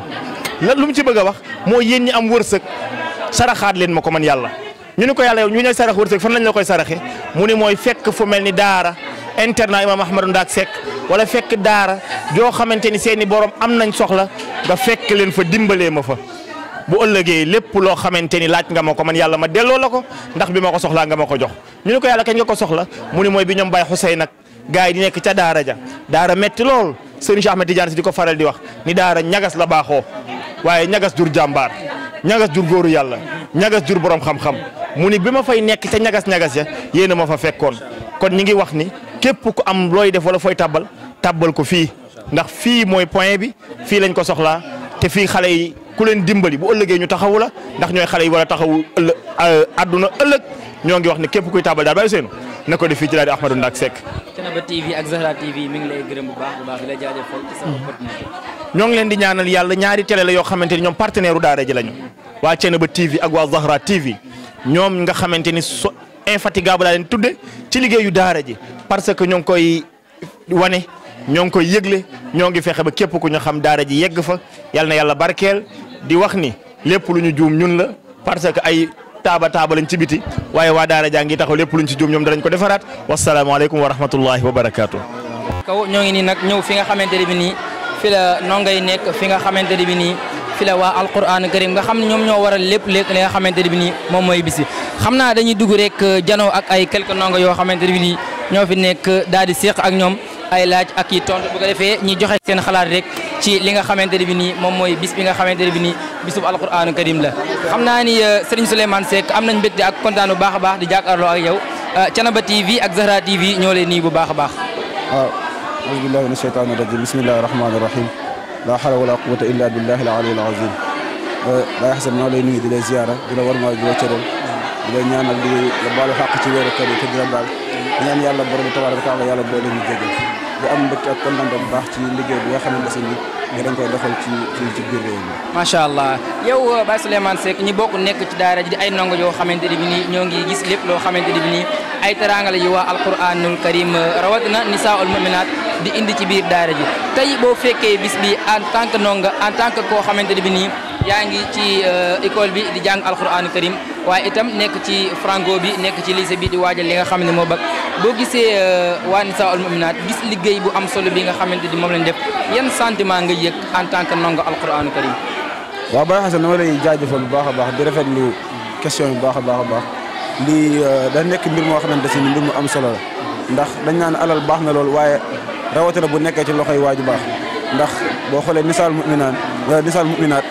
lan lum ci bëgg a wax moo yéen ñi am wërsëg saraxaat leen ma ko man yàlla ñu ni ko yàlla yow ñu ne sarax wërsëg fan lañ la koy saraxe mu ni mooy fekk fu mel ni daara internat imam ahmadou ndaak Seck wala fekk daara joo xamante ni seen i borom am nañ soxla nga fekk leen fa dimbalee ma fa bu ëllëgee lépp loo xamante ni laaj nga ma ko man yàlla ma delloo la ko ndax bi ma ko soxlaa nga ma ko jox ñu ni ko yàlla kañ ko soxla mu ni mooy bi ñoom Baye Xuseyn nag gars yi di nekk ca daara ja daara metti lool sëriñ Cheikh Ahmed Tidiane di ko faral di wax ni daara ñagas la baaxoo waaye ñagas jur jàmbaar ñagas jur góoru yàlla ñagas jur boroom xam-xam mu ni bi ma fay nekk ca ñagas-ñagas ya yéen a ma fa fekkoon kon ñi ngi wax ni képp ku am looy def wala fooy tàbbal tàbbal ko fii ndax fii mooy point bi fii lañ ko soxlaa te fii xale yi ku leen dimbali bu ëllëgee ñu taxawu la ndax ñooy xale yi war a taxawu ëllë euh, àdduna ëllëg ñoo ngi wax ni képp kuy tàbbal daal bàyyi seenu na ko def fii ci daal di Ahmadou Ndack Seck. Thiénaba TV bu baax bu baax di la ñoo ngi leen di ñaanal yàlla ñaari télé la yoo xamante ñoom partenaire daara ji lañu waa Thiénaba TV ak Zahra TV ñoom nga xamante ni so infatigable laa leen tudde ci liggéeyu daara ji parce que ñoo ngi koy wane ñoo ngi koy yëgle ñoo ngi fexe ba képp ku ñu xam daara ji yegg fa yal na yàlla barkeel di wax ni lépp lu ñu juum ñun la parce que ay taaba taaba lañ ci biti waaye waa daara jaa ngi taxaw lépp luñ ci juum ñoom danañ ko defaraat wasalaamaaleykum wa rahmatullahi wa barakaatu. kaw fi la yi nekk fi nga xamante ne bi nii fi la waa alquran karim nga xam ne ñoom ñoo waral lépp léeg li nga xamante ne bi nii moom mooy bisi xam naa dañuy dugg rek euh, janoo ak ay quelques ndongo yoo xamante ne bi nii ñoo fi nekk daal di séq ak ñoom ay laaj ak yi tontu bu ko joxe seen xalaat rek ci li nga xamante ne bi nii moom mooy bis bi nga xamante ne bi nii bisub alquran karim la xam naa ni euh, sëriñ Souleymane Seck am nañ mbégte ak kontaan bu baax a baax di jàkkaarloo ak yow euh, Thiénaba TV ak Zahra TV ñoo leen nii bu baax a baax ah. aouzu billahi mina sheytaani rajim bismillahi rahmaani rahim laa xawla wala quwata illa billahi al aliyyil azim Baye Xasan maa lay nuyu di la ziara di la warmaal di la cëral di la ñaanal di la baalu xàq ci weeru kër yi te di la baal ñaan yàlla borom tabaaraka taala yàlla boo leen jégal di am mbégte ak kontaan bu baax ci liggéey bi nga xamante ne nii nga dañ koy doxal ci ci biir réew mi macha allah yow Baye Souleymane Seck ñi bokk nekk ci daara ji ay ndongo di indi ci biir daara ji tey boo fekkee bis bi en tant que ndongo en tant que koo xamante ne bi nii yaa ngi ci euh, école bi di jàng alxuraanu karim waaye itam nekk ci franco bi nekk ci lycée bi di waajal li nga xam ne moo bag boo gisee euh, waa sa al Muminaat gis liggéey bu am solo bi nga xamante ni moom lañ def yan sentiment nga yëg en tant que ndongo alxuraanu karim waaw Baye Xasan dama lay jaajëfal bu baax a baax di rafetlu question bu baax a baax a baax lii euh, da nekk mbir moo xamante ne mbir mu am solo ndax dañ naan alal baax na lool waaye rawatina bu nekkee ci loxo loxoy waaju baax ndax boo xoolee misaal muminaan wala misaal muminaat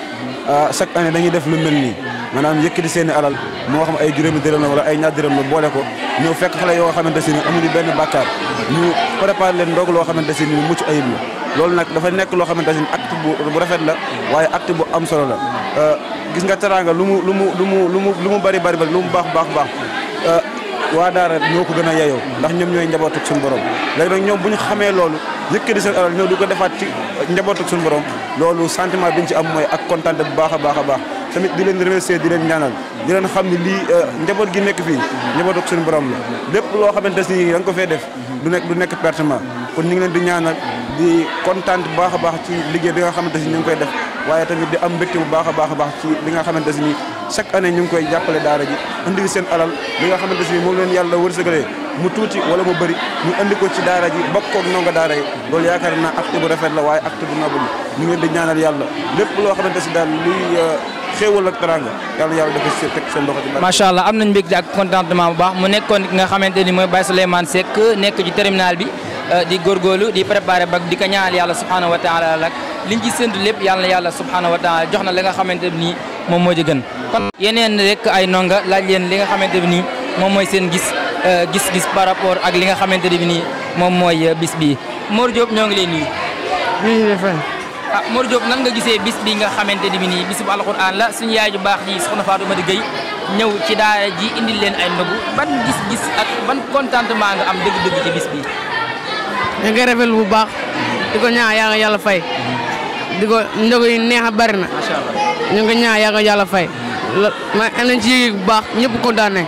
ah, chaque année dañuy def lu mel nii maanaam yëkkati seen i alal moo xam ay juróomi dërëm la wala ay ñaar dërëm la boole ko ñëw fekk xale yoo xamante si ni amuñu benn bàkkaar ñu préparé leen ndoog loo xamante si ni mucc ayib la loolu nag dafa nekk loo xamante si ni acte bu rafet la waaye acte bu am solo la ah, gis nga teraanga lu mu lu mu lu mu lu mu lu mu bari bari bari lu mu baax baax baax ah, waa daara ñoo ko gën a yeyoo ndax ñoom ñooy njabootuk suñu borom léegi ñoom bu ñu xamee loolu yëkkati seen alal ko defaat ci njabootuk suñu borom loolu sentiment bi ñu ci am mooy ak kontaan bu baax a a baax tamit di leen remercier di leen ñaanal di leen xam ne lii euh, njaboot gi nekk fii njabootuk suñu borom la lépp loo xamante ni da nga ko fee def du nekk du nekk pertement kon ñu ngi leen di ñaanal di kontaan bu baax a baax ci liggéey bi nga xamante ni ñu ngi koy def waaye tamit di am mbégte bu baax a baax a baax ci li nga si ni chaque année ñu ngi koy jàppale daara ji indi seen alal li nga xamante si moom leen yàlla wërsëgalee mu tuuti wala mu bëri ñu indi ko ci daara ji bokkoog ndongo daara yi loolu yaakaar naa acte bu rafet la waaye acte bu noble ñu ngi di ñaanal yàlla lépp loo xamante si daal luy euh, xéewal ak teranga yàlla yàlla dafa si teg seen loxo ci. macha allah am nañ mbégte ak contentement bu euh, di na yàlla na li nga xamante ni moom moo ci gën. kon yeneen rek ay ndonga li nga xamante ni moom mooy seen gis euh, gis-gis par rapport ak li nga xamante ni moom mooy euh, bis bi Mor Diop ñoo ngi lay nuyu. a ah, Mor Diop nan nga gisee bis bi nga xamante ni bi nii bis bu alxuraan la suñu yaay ju baax ji soxna Fatou Madi Gueye ñëw ci daa ji indil leen ay ndogu ban gis-gis ak ban contentement nga am dëgg-dëgg ci bis bi. da ngay rafetlu bu baax di ko ñaan yaa nga yàlla fay di ko ndogu yi neex a bari na. macha allah ñu ngi ko ñaan yaa fay. la ma am ci yëg bu baax ñëpp kontaan nañ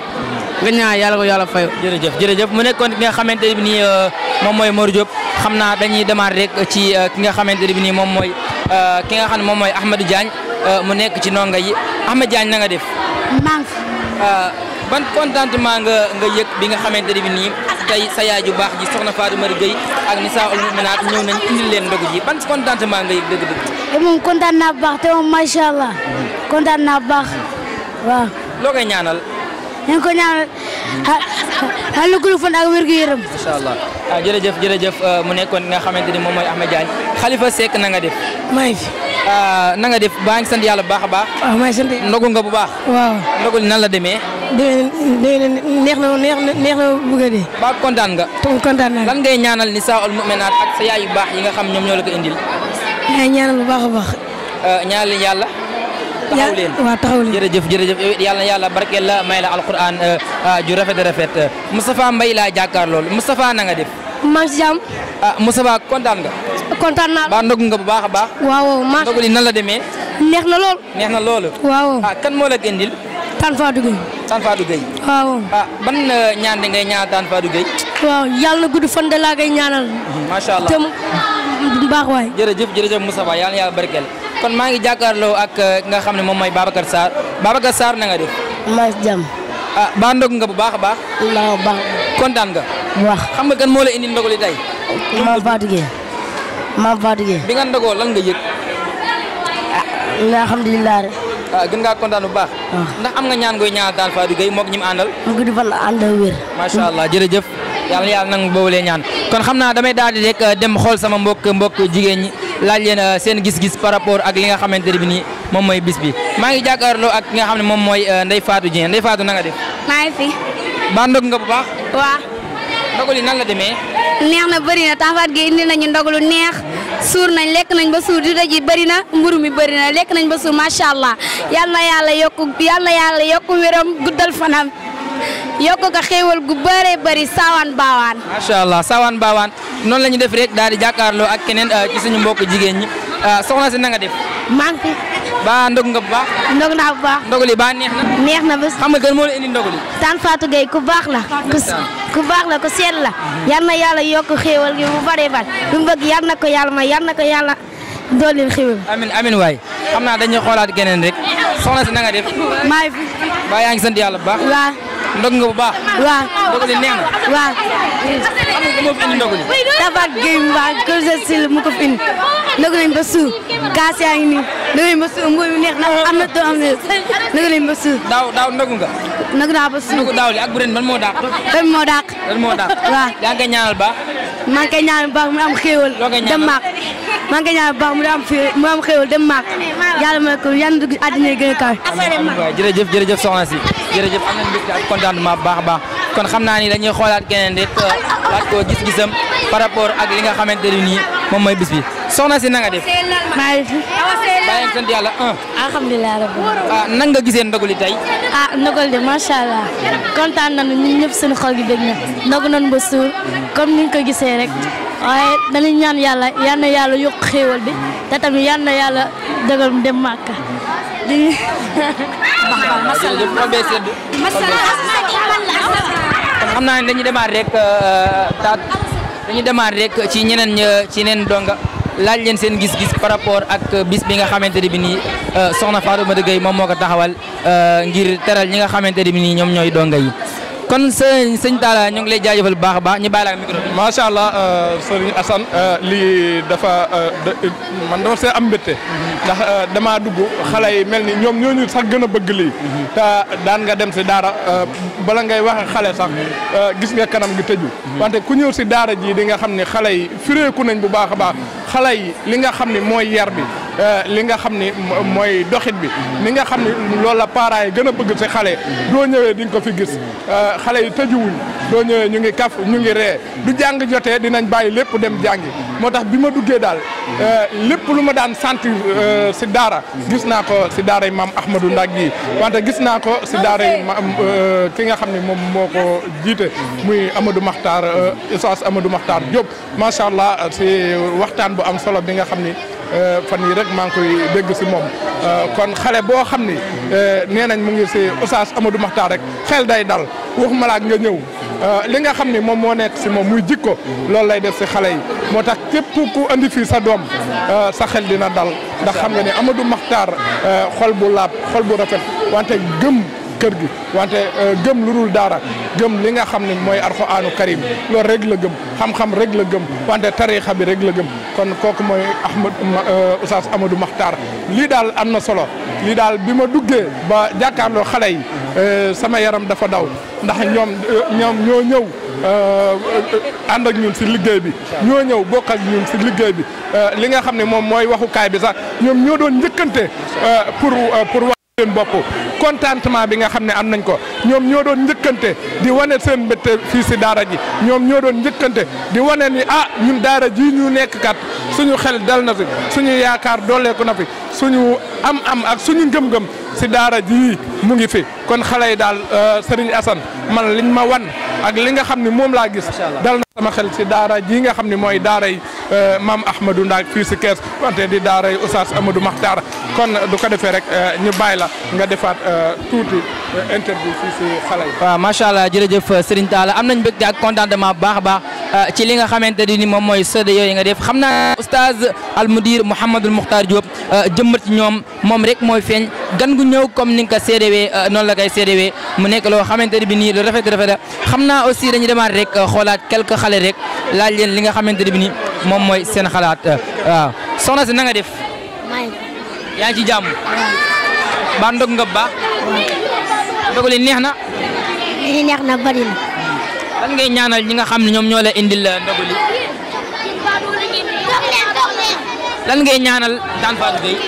nga ñaan yàlla ko yàlla fayoo. jërëjëf jërëjëf mu nekkoon ki nga xamante ne bi nii euh, moom mooy Mor Diop xam naa dañuy démarrer rek ci euh, ki nga xamante ne bi nii moom mooy euh, ki nga xam ne moom mooy Ahmadou Diagne mu nekk ci ndongo yi Ahmadou Diagne na nga def. maa ban contentement nga nga yëg bi nga xamante ne bi nii tey sa yaay ju baax ji soxna Fatou Mary Gueye ak Nisaa ul Mu'minaat ñëw nañ indil leen ndogu ji ban contentement nga yëg dëgg-dëgg. te moom kontaan naa baax te moom macha allah mm. kontaan naa baax waaw. ñaanal. ñu ngi ko ñaanal xal na wér gu yaram. incha allah ah, jërëjëf jërëjëf euh, mu nekkoon nga xamante ni moom mooy Ahmed Diagne Khalifa Seck na nga def. maa ngi fi. Ah, na nga def baa ngi sant yàlla bu baax a baax. waaw maa ngi nga bu baax. waaw ndogu nan la demee. déwén neex na neex na neex na kontaan nga. kontaan naa lan ngay ñaanal ni saa ol mu'minaat sa yaay yu baax yi nga xam ñoom ñoo la ko indil. yaa ñaanal bu baax baax. Euh, ñaanal yàlla. taxaw leen waaw taxaw jërëjëf jërëjëf yow it yàlla na yàlla barkeel la may la alquran euh, euh, ju rafet rafet Moustapha mbay laa jàkkaar lool Moustapha na nga def maa ngi si jàmm kontaan nga kontaan naa ba ndogu nga bu baax a baax waaw maa ndogu li nan la demee neex na lool neex na lool waaw ah kan moo la gëndil Tane Fadou Gueye Tane Fadou Gueye waaw ah ban euh, ñaan de ngay ñaan Tane Fadou Gueye waaw yàlla na gudd fan de laa ngay ñaanal mm-hmm, macha allah te mu baax waay yàlla na yàlla barkeel kon maa ngi jàkkaarloo ak eh, nga xam ne moom mooy Babacar Sarr Babacar Sarr na nga def. maa ngi jàmm. ah baa ndog nga bu baax a baax. waaw kontaan nga. wax xam nga kan moo indi ndogali tey. maa fatigué maa fatigué. bi nga ndogoo lan nga yëg. ah alhamdulilah. ah gën ngaa kontaan bu baax. ndax am nga ñaan goy ñaanal daal Fadou Gueye moog ñi mu àndal. mu gudd fan ànd ak wér. macha jërëjëf. yàlla yàlla nangu boobule ñaan kon xam naa damay daal rek eh, dem xool sama mbokk mbokk jigéen ñi. laaj leen euh, seen gis-gis par rapport ak li nga xamante ne bi nii moom mooy bis bi maa ngi jàkkaarloo ak ki nga xam ne moom mooy euh, Ndeye Fatou Dieng na nga def. maa ngi fi. ba nga bu baax. waaw. ndogu demee. neex na bëri na taafaat gi indi nañu ndog lu neex suur nañ lekk nañ ba suur dina ji bëri na mburu mi bëri na lekk nañ ba suur macha allah yal na yàlla yokku yal na yàlla yokku wéram guddal fanam. yokk ko xéewal gu bëree bëri saawaan baawaan. macha allah saawaan baawaan noonu la ñu def rek daal di jàkkaarloo ak keneen euh, ci suñu mbokk jigéen ñi euh, soxna si na nga def. maa ba ndog nga bu baax. ndog na bu baax. ndog li ba neex na. neex na bés. xam nga gën moo la ndog li. tan Fatou Gueye ku baax la. ku baax la ku sell la. yal na yàlla yokk xéewal gi bu bëree bëri lu mu bëgg yal na ko yàlla may yal na ko yàlla dooleel xéewal. amin amin waay xam naa dañuy xoolaat keneen rek soxna si na nga def. maa ngi ba yaa ngi sant yàlla bu baax. ndog nga bu baax. waaw ndog li neex na. waaw. xam moo fi ndog li. Tapha Gueye waa Kër Cécile mu ko fi indi. ndog ba suur. kaas yaa ngi nii. ndog nañ ba suur mbuur mi neex na am na doom am na ndog nañ ndog nga. ndog naa ba suur. ndog daaw li ak bu ren ban moo dàq. ren moo moo dàq. waaw. yaa ngi koy ñaanal baax. maa ngi koy ñaanal baax mu am maa ngi koy ñaan bu baax mu am fi mu am xéwal dem màgg yàlla may ko yàlla dugg àddina gën a kawe. waaw jërëjëf jërëjëf soxna si jërëjëf am nañu mbégte ak contentement bu baax a baax kon xam naa ni dañuy xoolaat keneen de euh, laaj ko gis-gisam par rapport ak li nga xamante ne nii moom mooy bis bi soxna si na nga def. maa ngi fi. bàyyi sant yàlla un. alhamdulilah rabbi. ah nan nga gisee ndogali tey. ah ndogali de macha allah kontaan nañu ñun ñëpp suñu xol gi dégg na ndogu nañu ba suur comme ni nga ko gisee rek waaye dañuy ñaan yàlla yal yàlla yokk xéewal bi te tamit yàlla dëgal dem màkka di xam naa ne dañuy demaat rek euh, taat dañuy demaat rek ci ñeneen ci neen donga laaj leen seen gis-gis par rapport ak bis bi nga xamante ne bi nii euh, soxna Fatou Mata Gueye moom moo ko taxawal euh, ngir teral ñi nga xamante ne bi nii ñoom ñooy donga yi kon sëñ sëñ Talla ñu ngi lay jaajëfal bu baax a baax ñu bàyyi la ak macha allah euh, sëriñ Assane euh, lii dafa euh, man dama see am mbette. ndax damaa dugg xale yi mel ni ñoom ñooñu ñu sax gën a bëgg lii. te daan nga dem si daara bala ngay wax xale sax gis nga kanam gi tëju. wante ku ñëw si daara ji di nga xam ne xale yi firéeku nañ bu baax a baax xale yi li nga xam ne mooy yar bi. Euh, li nga xam ni mooy doxit bi li nga xam ni loolu la parents yi gën a bëgg si xale doo ñëwee di ko fi gis euh, xale yi tëjuwuñ doo ñëwee ñu ngi kaf ñu ngi ree du jàng jotee dinañ bàyyi lépp dem jàngi moo tax bi ma duggee daal euh, lépp lu ma daan sentir si daara gis naa ko si daara yi maam Ahmadou Ndak yi wante gis naa ko si daara yi maam ki nga xam ne moom moo ko jiite muy amadu Amadou Makhtar Oustaz amadu Makhtar Diop macha allah si waxtaan bu am solo bi nga xam ni Euh, fan yi rek maa ngi koy dégg si moom euh, kon xale boo xam ni euh, nee nañ mu ngi si Oustaz amadu Makhtar rek xel day dal waxuma la nga ñëw li nga xam ni moom moo nekk si moom muy jikko loolu lay def si xale yi moo tax képp ku andi fii sa doom sa xel dina dal ndax xam nga ne Amadou Makhtar xol bu laab xol bu rafet wante gëm kër gi wante euh, gëm lu dul daara gëm li nga xam ne mooy alxuraanu karim loolu rek la gëm xam-xam rek la gëm wante tariixa bi rek la gëm kon kooku mooy Ahmad euh, Oustaz Amadou Makhtar lii daal am na solo lii daal bi ma duggee ba jàkkaarloo xale yi euh, sama yaram dafa daw ndax ñoom ñoo ñëw ànd ak ñun si liggéey bi ñoo ñëw bokk ak ñun si liggéey bi li nga xam ne moom mooy waxukaay bi sax ñoom ñoo doon njëkkante pour pour wax seen bopp contentement bi nga xam ne am nañ ko ñoom ñoo doon njëkkante di wane seen mbégte fii si daara ji ñoom ñoo doon njëkkante di wane ni ah ñun daara ji ñu nekk kat suñu xel dal na fi suñu yaakaar dooleeku na fi suñu am-am ak suñu ngëm-ngëm si daara ji mu ngi fi kon xale yi daal euh, Serigne Assane man liñ ma wan ak li nga xam ni moom laa gis dal na sama xel si daara ji nga xam ni mooy daara yi euh, maam Ahmadou Ndak fii si kees wante di daara yi Oustaz Amadou Makhtar kon du ko defee rek euh, ñu bàyyi la nga defaat euh, tuuti euh, interview fii si xale waaw macha allah jërëjëf Serigne Talla am nañ mbégte ak contentement bu baax a baax ci li nga xamante ni moom mooy sëdd yooyu nga def xam naa oustaz almudir Mouhamadul Moukhtar Diop jëmbat ci ñoom moom rek mooy feeñ gan gu ñëw comme ni nga ko séedewee noonu la koy séedewee mu nekk loo xamante ni bi nii lu rafet rafet xam naa aussi dañuy demaat rek xoolaat quelques xale rek laaj leen li nga xamante ni bi nii moom mooy seen xalaat waaw soxna na nga def. yaa ngi ci jàmm. ndog nga ba. ndog li neex na. li neex na bari na. lan ngay ñaanal ñi nga xam ne ñoom ñoo la indil ndog li. lan ngay ñaanal daan Fatou Gueye.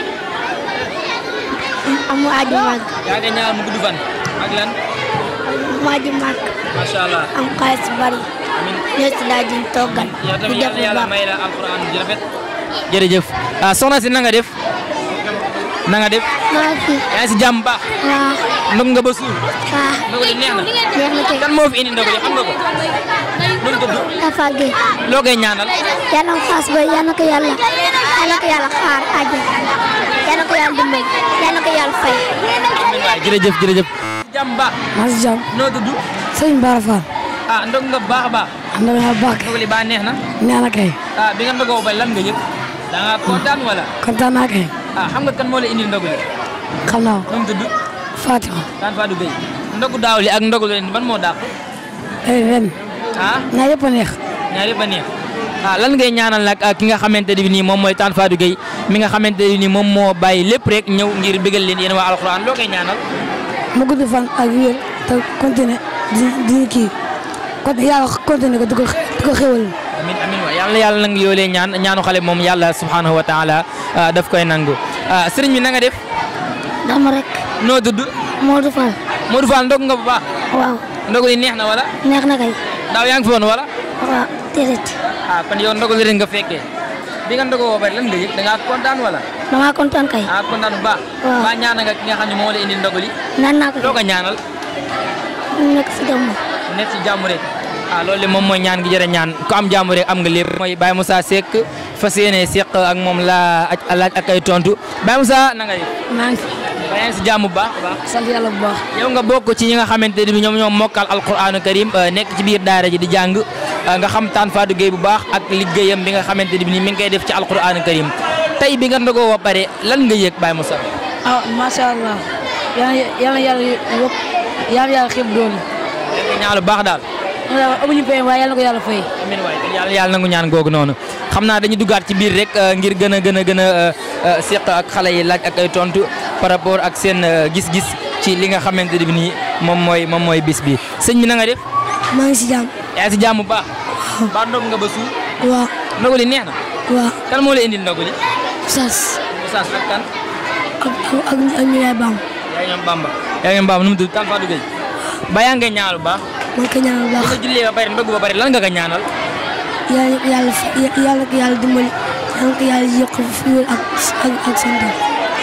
amu aaju màgg. am xaalis bari. amiin ñoo si daal di toggal. yaa tamit yàlla may ah, si na def. na nga def. maa fi. yaa ngi si ndog nga ba suur. ndog neex na. neex na kay. kan moo ndog nga ko. mën nga loo koy ñaanal. yal na ko faas ba yal na ko yal xaar àjjana yal na ko yàlla dimbali yal na ko yàlla fay. amiin waay jërëjëf jërëjëf. baax. Ah, ndog nga baax a baax. ndog nga baax. ndog li baax neex na. neex na kay. Ah, bi nga ndogoo ba lan nga yëg. da kontaan wala. kontaan naa kay. ah xam nga kan moo la indil ndogu li. xam naa ko. nu mu tudd. Fatima. daan Fatou Gueye. ndogu daaw li ak ndogu leen ban moo dàq. Eh, ren. ah ñaar a neex. ñaar yëpp a neex. Ah, lan ngay ñaanal nag ki nga xamante ne nii moom mooy Tane Fadou Gueye mi nga xamante ne nii moom moo bàyyi lépp rek ñëw ngir bégal leen yéen waa alxuraan loo koy ñaanal. mu gudd fan ak wér te continué di di kii kon yàlla continué ko di ko yal yàlla nangu yoolee ñaan xale moom yàlla subhanahu wa taala euh, koy nangu euh, sëriñ bi na nga def. dama rek. noo dudd. Modou Fall. Modou Fall ndog nga bu baax. neex na wala. neex na kay. daaw yaa ngi fi woon wala. waaw déedéet. ah kon yow ndog li rek nga fekkee bi nga ndogoo ba lan nga yëg da ngaa kontaan wala. damaa kontaan kay. ah kontaan bu baax. waaw ba ñaana nga ki nga xam ne moo la indi ndog li. ñaanal. nekk si jàmm. ah loolu moom mooy ñaan gi jërë ñaan ku am jàmm rek am nga lépp mooy Baye Moussa Seck fas yéene seq ak moom laa laaj ak ay tontu Baye Moussa na nga def. si jàmm bu baax baax. sant yàlla nga bokk ci ñi nga xamante ne bi ñoom ñoom mokkal alquranu karim euh, nekk ci biir daara ji di jàng euh, nga xam taan Fadou Gueye bu baax ak liggéeyam bi nga xamante ne bi mi ngi koy def ci alquranu karim tey bi nga ndogoo ba pare lan nga yëg Baye Moussa. ah macha allah yal yal na yàlla baax daal. amuñu fay waaye yàlla na ko yàlla fay. amiin waay yàlla ñaan googu noonu xam naa dañu duggaat ci biir rek euh, ngir gën a gën a gën a euh, euh, seq ak xale yi laaj ak ay tontu par rapport ak seen gis-gis ci li nga xamante ne bi nii moom moom mooy bis bi sëñ bi na def. maa ngi si jàmm. yaa si jàmm bu baax. ba ndog nga ba suur. neex na. waaw kan moo la indil ndogu li. yaa ngi ñoom baax. maa ngi koy ñaanal bu baax bu nga jullee ba pare mbëgg ba pare lan nga ko ñaanal. yàlla yàlla yàlla yàlla dimbali yàlla yàlla yokk fuul ak ak ak sant.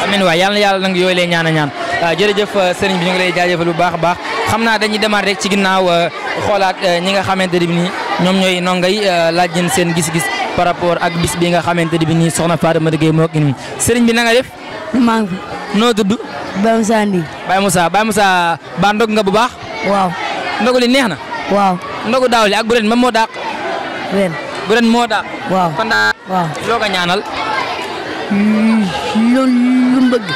amiin waay yàlla yàlla nag yooyu lay ñaan a ah, ñaan jërëjëf ah, sëriñ bi ñu ngi lay jaajëfal bu baax a baax xam naa dañuy demaat rek ci ginnaaw ah, xoolaat ñi nga xamante ne bi nii ñoom ñooy nongay laaj leen seen gis-gis par rapport ak bis bi nga xamante ne bi nii soxna ma Gueye moo ngi nii sëriñ bi na nga noo tudd. baa ndog nga bu baax. ndogu li neex na. waaw ndogu daaw li ak bu ren moo dàq. ren bu moo dàq. waaw kon daa waaw loo ko ñaanal. lu lu mu bëgg.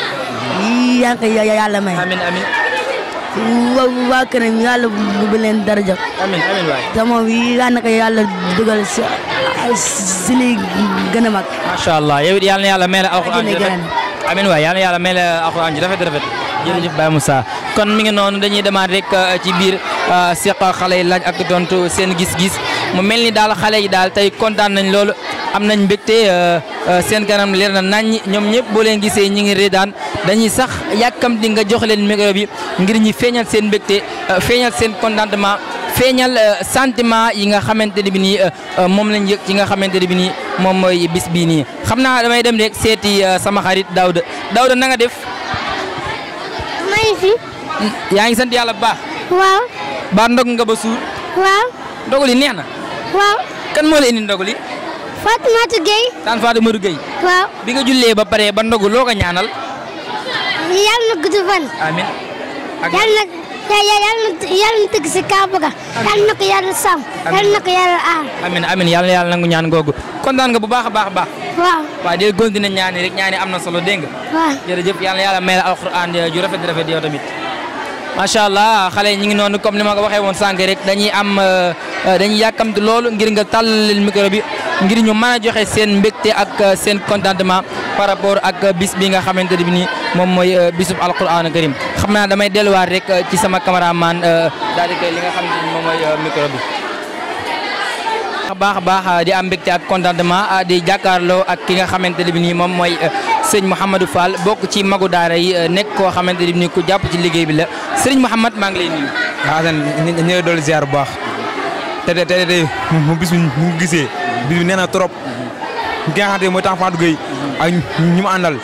yaa ngi koy yàlla may. amiin amiin. wa waa keneen yàlla bu leen daraja. amiin amiin waay. te yaa naka yàlla dugal si si li gën a mag. macha yow it yàlla na yàlla may la alxuraan ji rafet amiin waay yàlla na yàlla rafet. jërëjëf Baye Moussa kon mu ngi noonu dañuy demaat rek euh, ci biir euh, seq xale yi laaj ak dont seen gis-gis mu mel ni daal xale yi daal tey kontaan nañ loolu am nañ mbégte euh, seen kanam leer na nañ ñoom ñëpp boo leen gisee ñi ngi reedaan dañuy sax yàkkamti nga jox leen micro bi ngir ñi feeñal seen mbégte feeñal seen contentement feeñal sentiment yi nga xamante ne bi nii moom lañ yëg ci nga xamante ne bi nii moom mooy bis bii nii xam naa damay dem rek seeti sama xarit Daouda maa yaa ngi sant yàlla bu baax. waaw. nga ba suur. waaw. ndogul neex na. waaw. kan moo la indi ndogul yi. Fatoumata Gueye. daan Fatoumata Gueye. waaw. bi nga jullee ba pare ba ndogu loo ko ñaanal. yàlla na gudd fan. amiin. ak na. yàlla na tëgg si kàbb yal yàlla na ko yàlla sàmm. yàlla na ko yàlla aar. amiin amiin yàlla na yàlla nangu ñaan googu kontaan nga bu baax a baax a baax. waa waaw di continuer ñaani rek ñaani am na solo dégg nga. waaw jërëjëf yàlla na yàlla may la alxuraan ju rafet rafet yow tamit. macha allah xale ñi ngi noonu comme ni ma ko waxee woon sànq rek dañuy am euh, dañuy yàkkamti loolu ngir nga tàllal micro bi ngir ñu mën joxe seen mbégte ak euh, seen contentement par rapport ak euh, bis bi nga xamante ne bi nii moom mooy bisub alquran karim xam naa damay delluwaat rek ci sama cameraman daal di li nga xam moom mooy micro baax a baax di am mbégte ak contentement di jàkkaarloo ak ki nga xamante ne bi nii moom mooy. sëñ Mouhamadou Fall bokk ci magu daara yi euh, nekk koo xamante ni ku jàpp ci liggéey bi la sëriñ Mouhamad maa ngi lay nuyu. waaw sëñ bi bu baax te de te de mu bis mu gisee bis bi nee na trop ki nga xamante ne mooy temps Fatou Gueye ak ñu mu àndal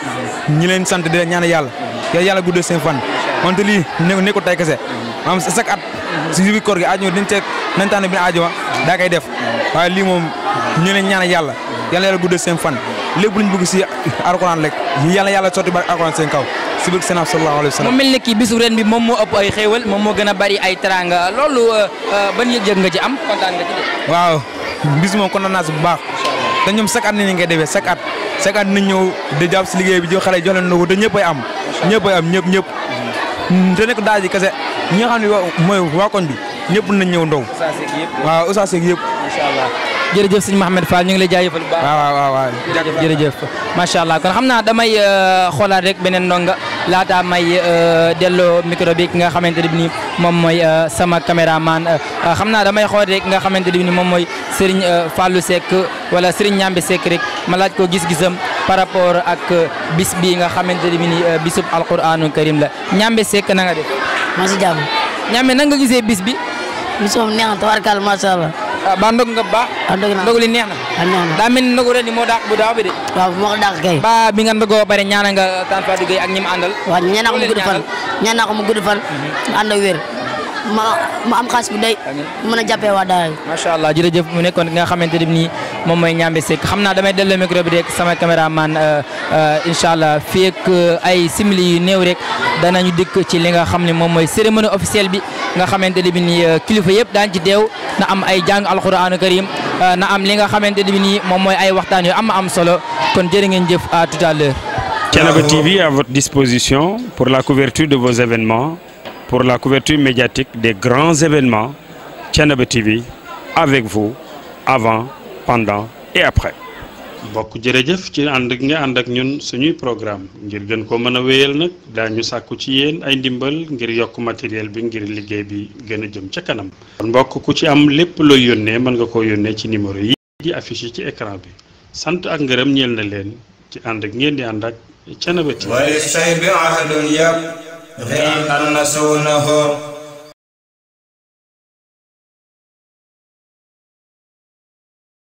ñi leen sant di ñaan yàlla yàlla yàlla guddal seen fan. wante lii nekkul tey kese maanaam chaque at si biir koor gi aajo dinañ teg nañ bi aajo daa koy def waaye lii moom ñu leen ñaan yàlla yàlla yàlla guddal seen fan. lépp luñ bëgg si alxuraan rek yàlla yàlla sotti bari alxuraan seen kaw si bëgg seen sallallahu alayhi wa sallam mu mel ne kii bisu ren bi moom moo ëpp ay xéewal moom moo gën a bari ay teraanga loolu euh, euh, ban yëg-yëg nga ci am kontaan nga ci de. waaw bis moom kontaan naa si bu baax te ñoom chaque at ni ngay defee chaque at chaque at nañ ñëw di jàpp si liggéey bi jox xale jox leen loolu te ñëpp ay am ñëpp ay am ñëpp ñëpp mm, te nekk daal di kese ñi nga xam ne mooy waa koñ bi ñëpp nañ ñëw ndaw jërëjëf sëñ Mouhamed Fall ñu ngi lay jaajëfal baax. waaw jërëjëf jërëjëf. macha allah kon xam naa damay euh, xoolaat rek beneen ndonga laata may euh, dello micro bi ki nga xamante ne bii moom mooy euh, sama caméraman xam naa damay xool rek nga xamante ne bii moom mooy Serigne Fallou sek wala sëriñ Ñambi Seck rek ma laaj ko gis-gisam par rapport ak bis bii nga xamante ne bii bisub alquranu karim la Ñambi Seck na nga def. maa si jàmm. Ñambi bis bi. bisu neex na tabarkalla macha allah. Ah, ba ndog nga baax. ndog naa ndog li neex na. neex na daa mel ni ndogu moo dàq bu daaw bi de. waaw moo dàq kay. ba bi nga ndogoo bare ñaanal nga Tante Fatou Gueye ak ñi mu àndal. waaw ñaanal mu gudd fan. ñaanal mhm. ko ma ma am xaalis bu day mën a jàppee waa daara yi macha allah jërëjëf mu nekkoon ki nga xamante ne nii moom mooy Ndiamé xam naa damay delloo micro bi rek sama caméraman euh, euh, incha allah fii ak euh, ay simili yu néew rek danañu dikk ci li nga xam ne moom mooy cérémonie officielle bi nga xamante ne bi nii kilifa yëpp daan ci deew na am ay jàng alquranu karim na am li nga xamante ne bi nii moom mooy ay waxtaan yu am am solo kon jërë ngeen jëf à tout à l'heure Thiénaba disposition pour la couverture de vos événements pour la couverture médiatique de grands événements Thiénaba bi avec vous avant pendant et après. mbokk jërëjëf ci ànd ak nga ànd ak ñun suñuy programme ngir gën koo mën a wéyal nag daañu sàkku ci yéen ay ndimbal ngir yokk matériel bi ngir liggéey bi gën a jëm ca kanam kon mbokk ku ci am lépp looy yónnee mën nga koo yónnee ci numéro yi di affiché ci écran bi sant ak ngërëm ñeel na leen ci ànd ak ngeen di ànd ak Thiénaba TV غير أن نسونه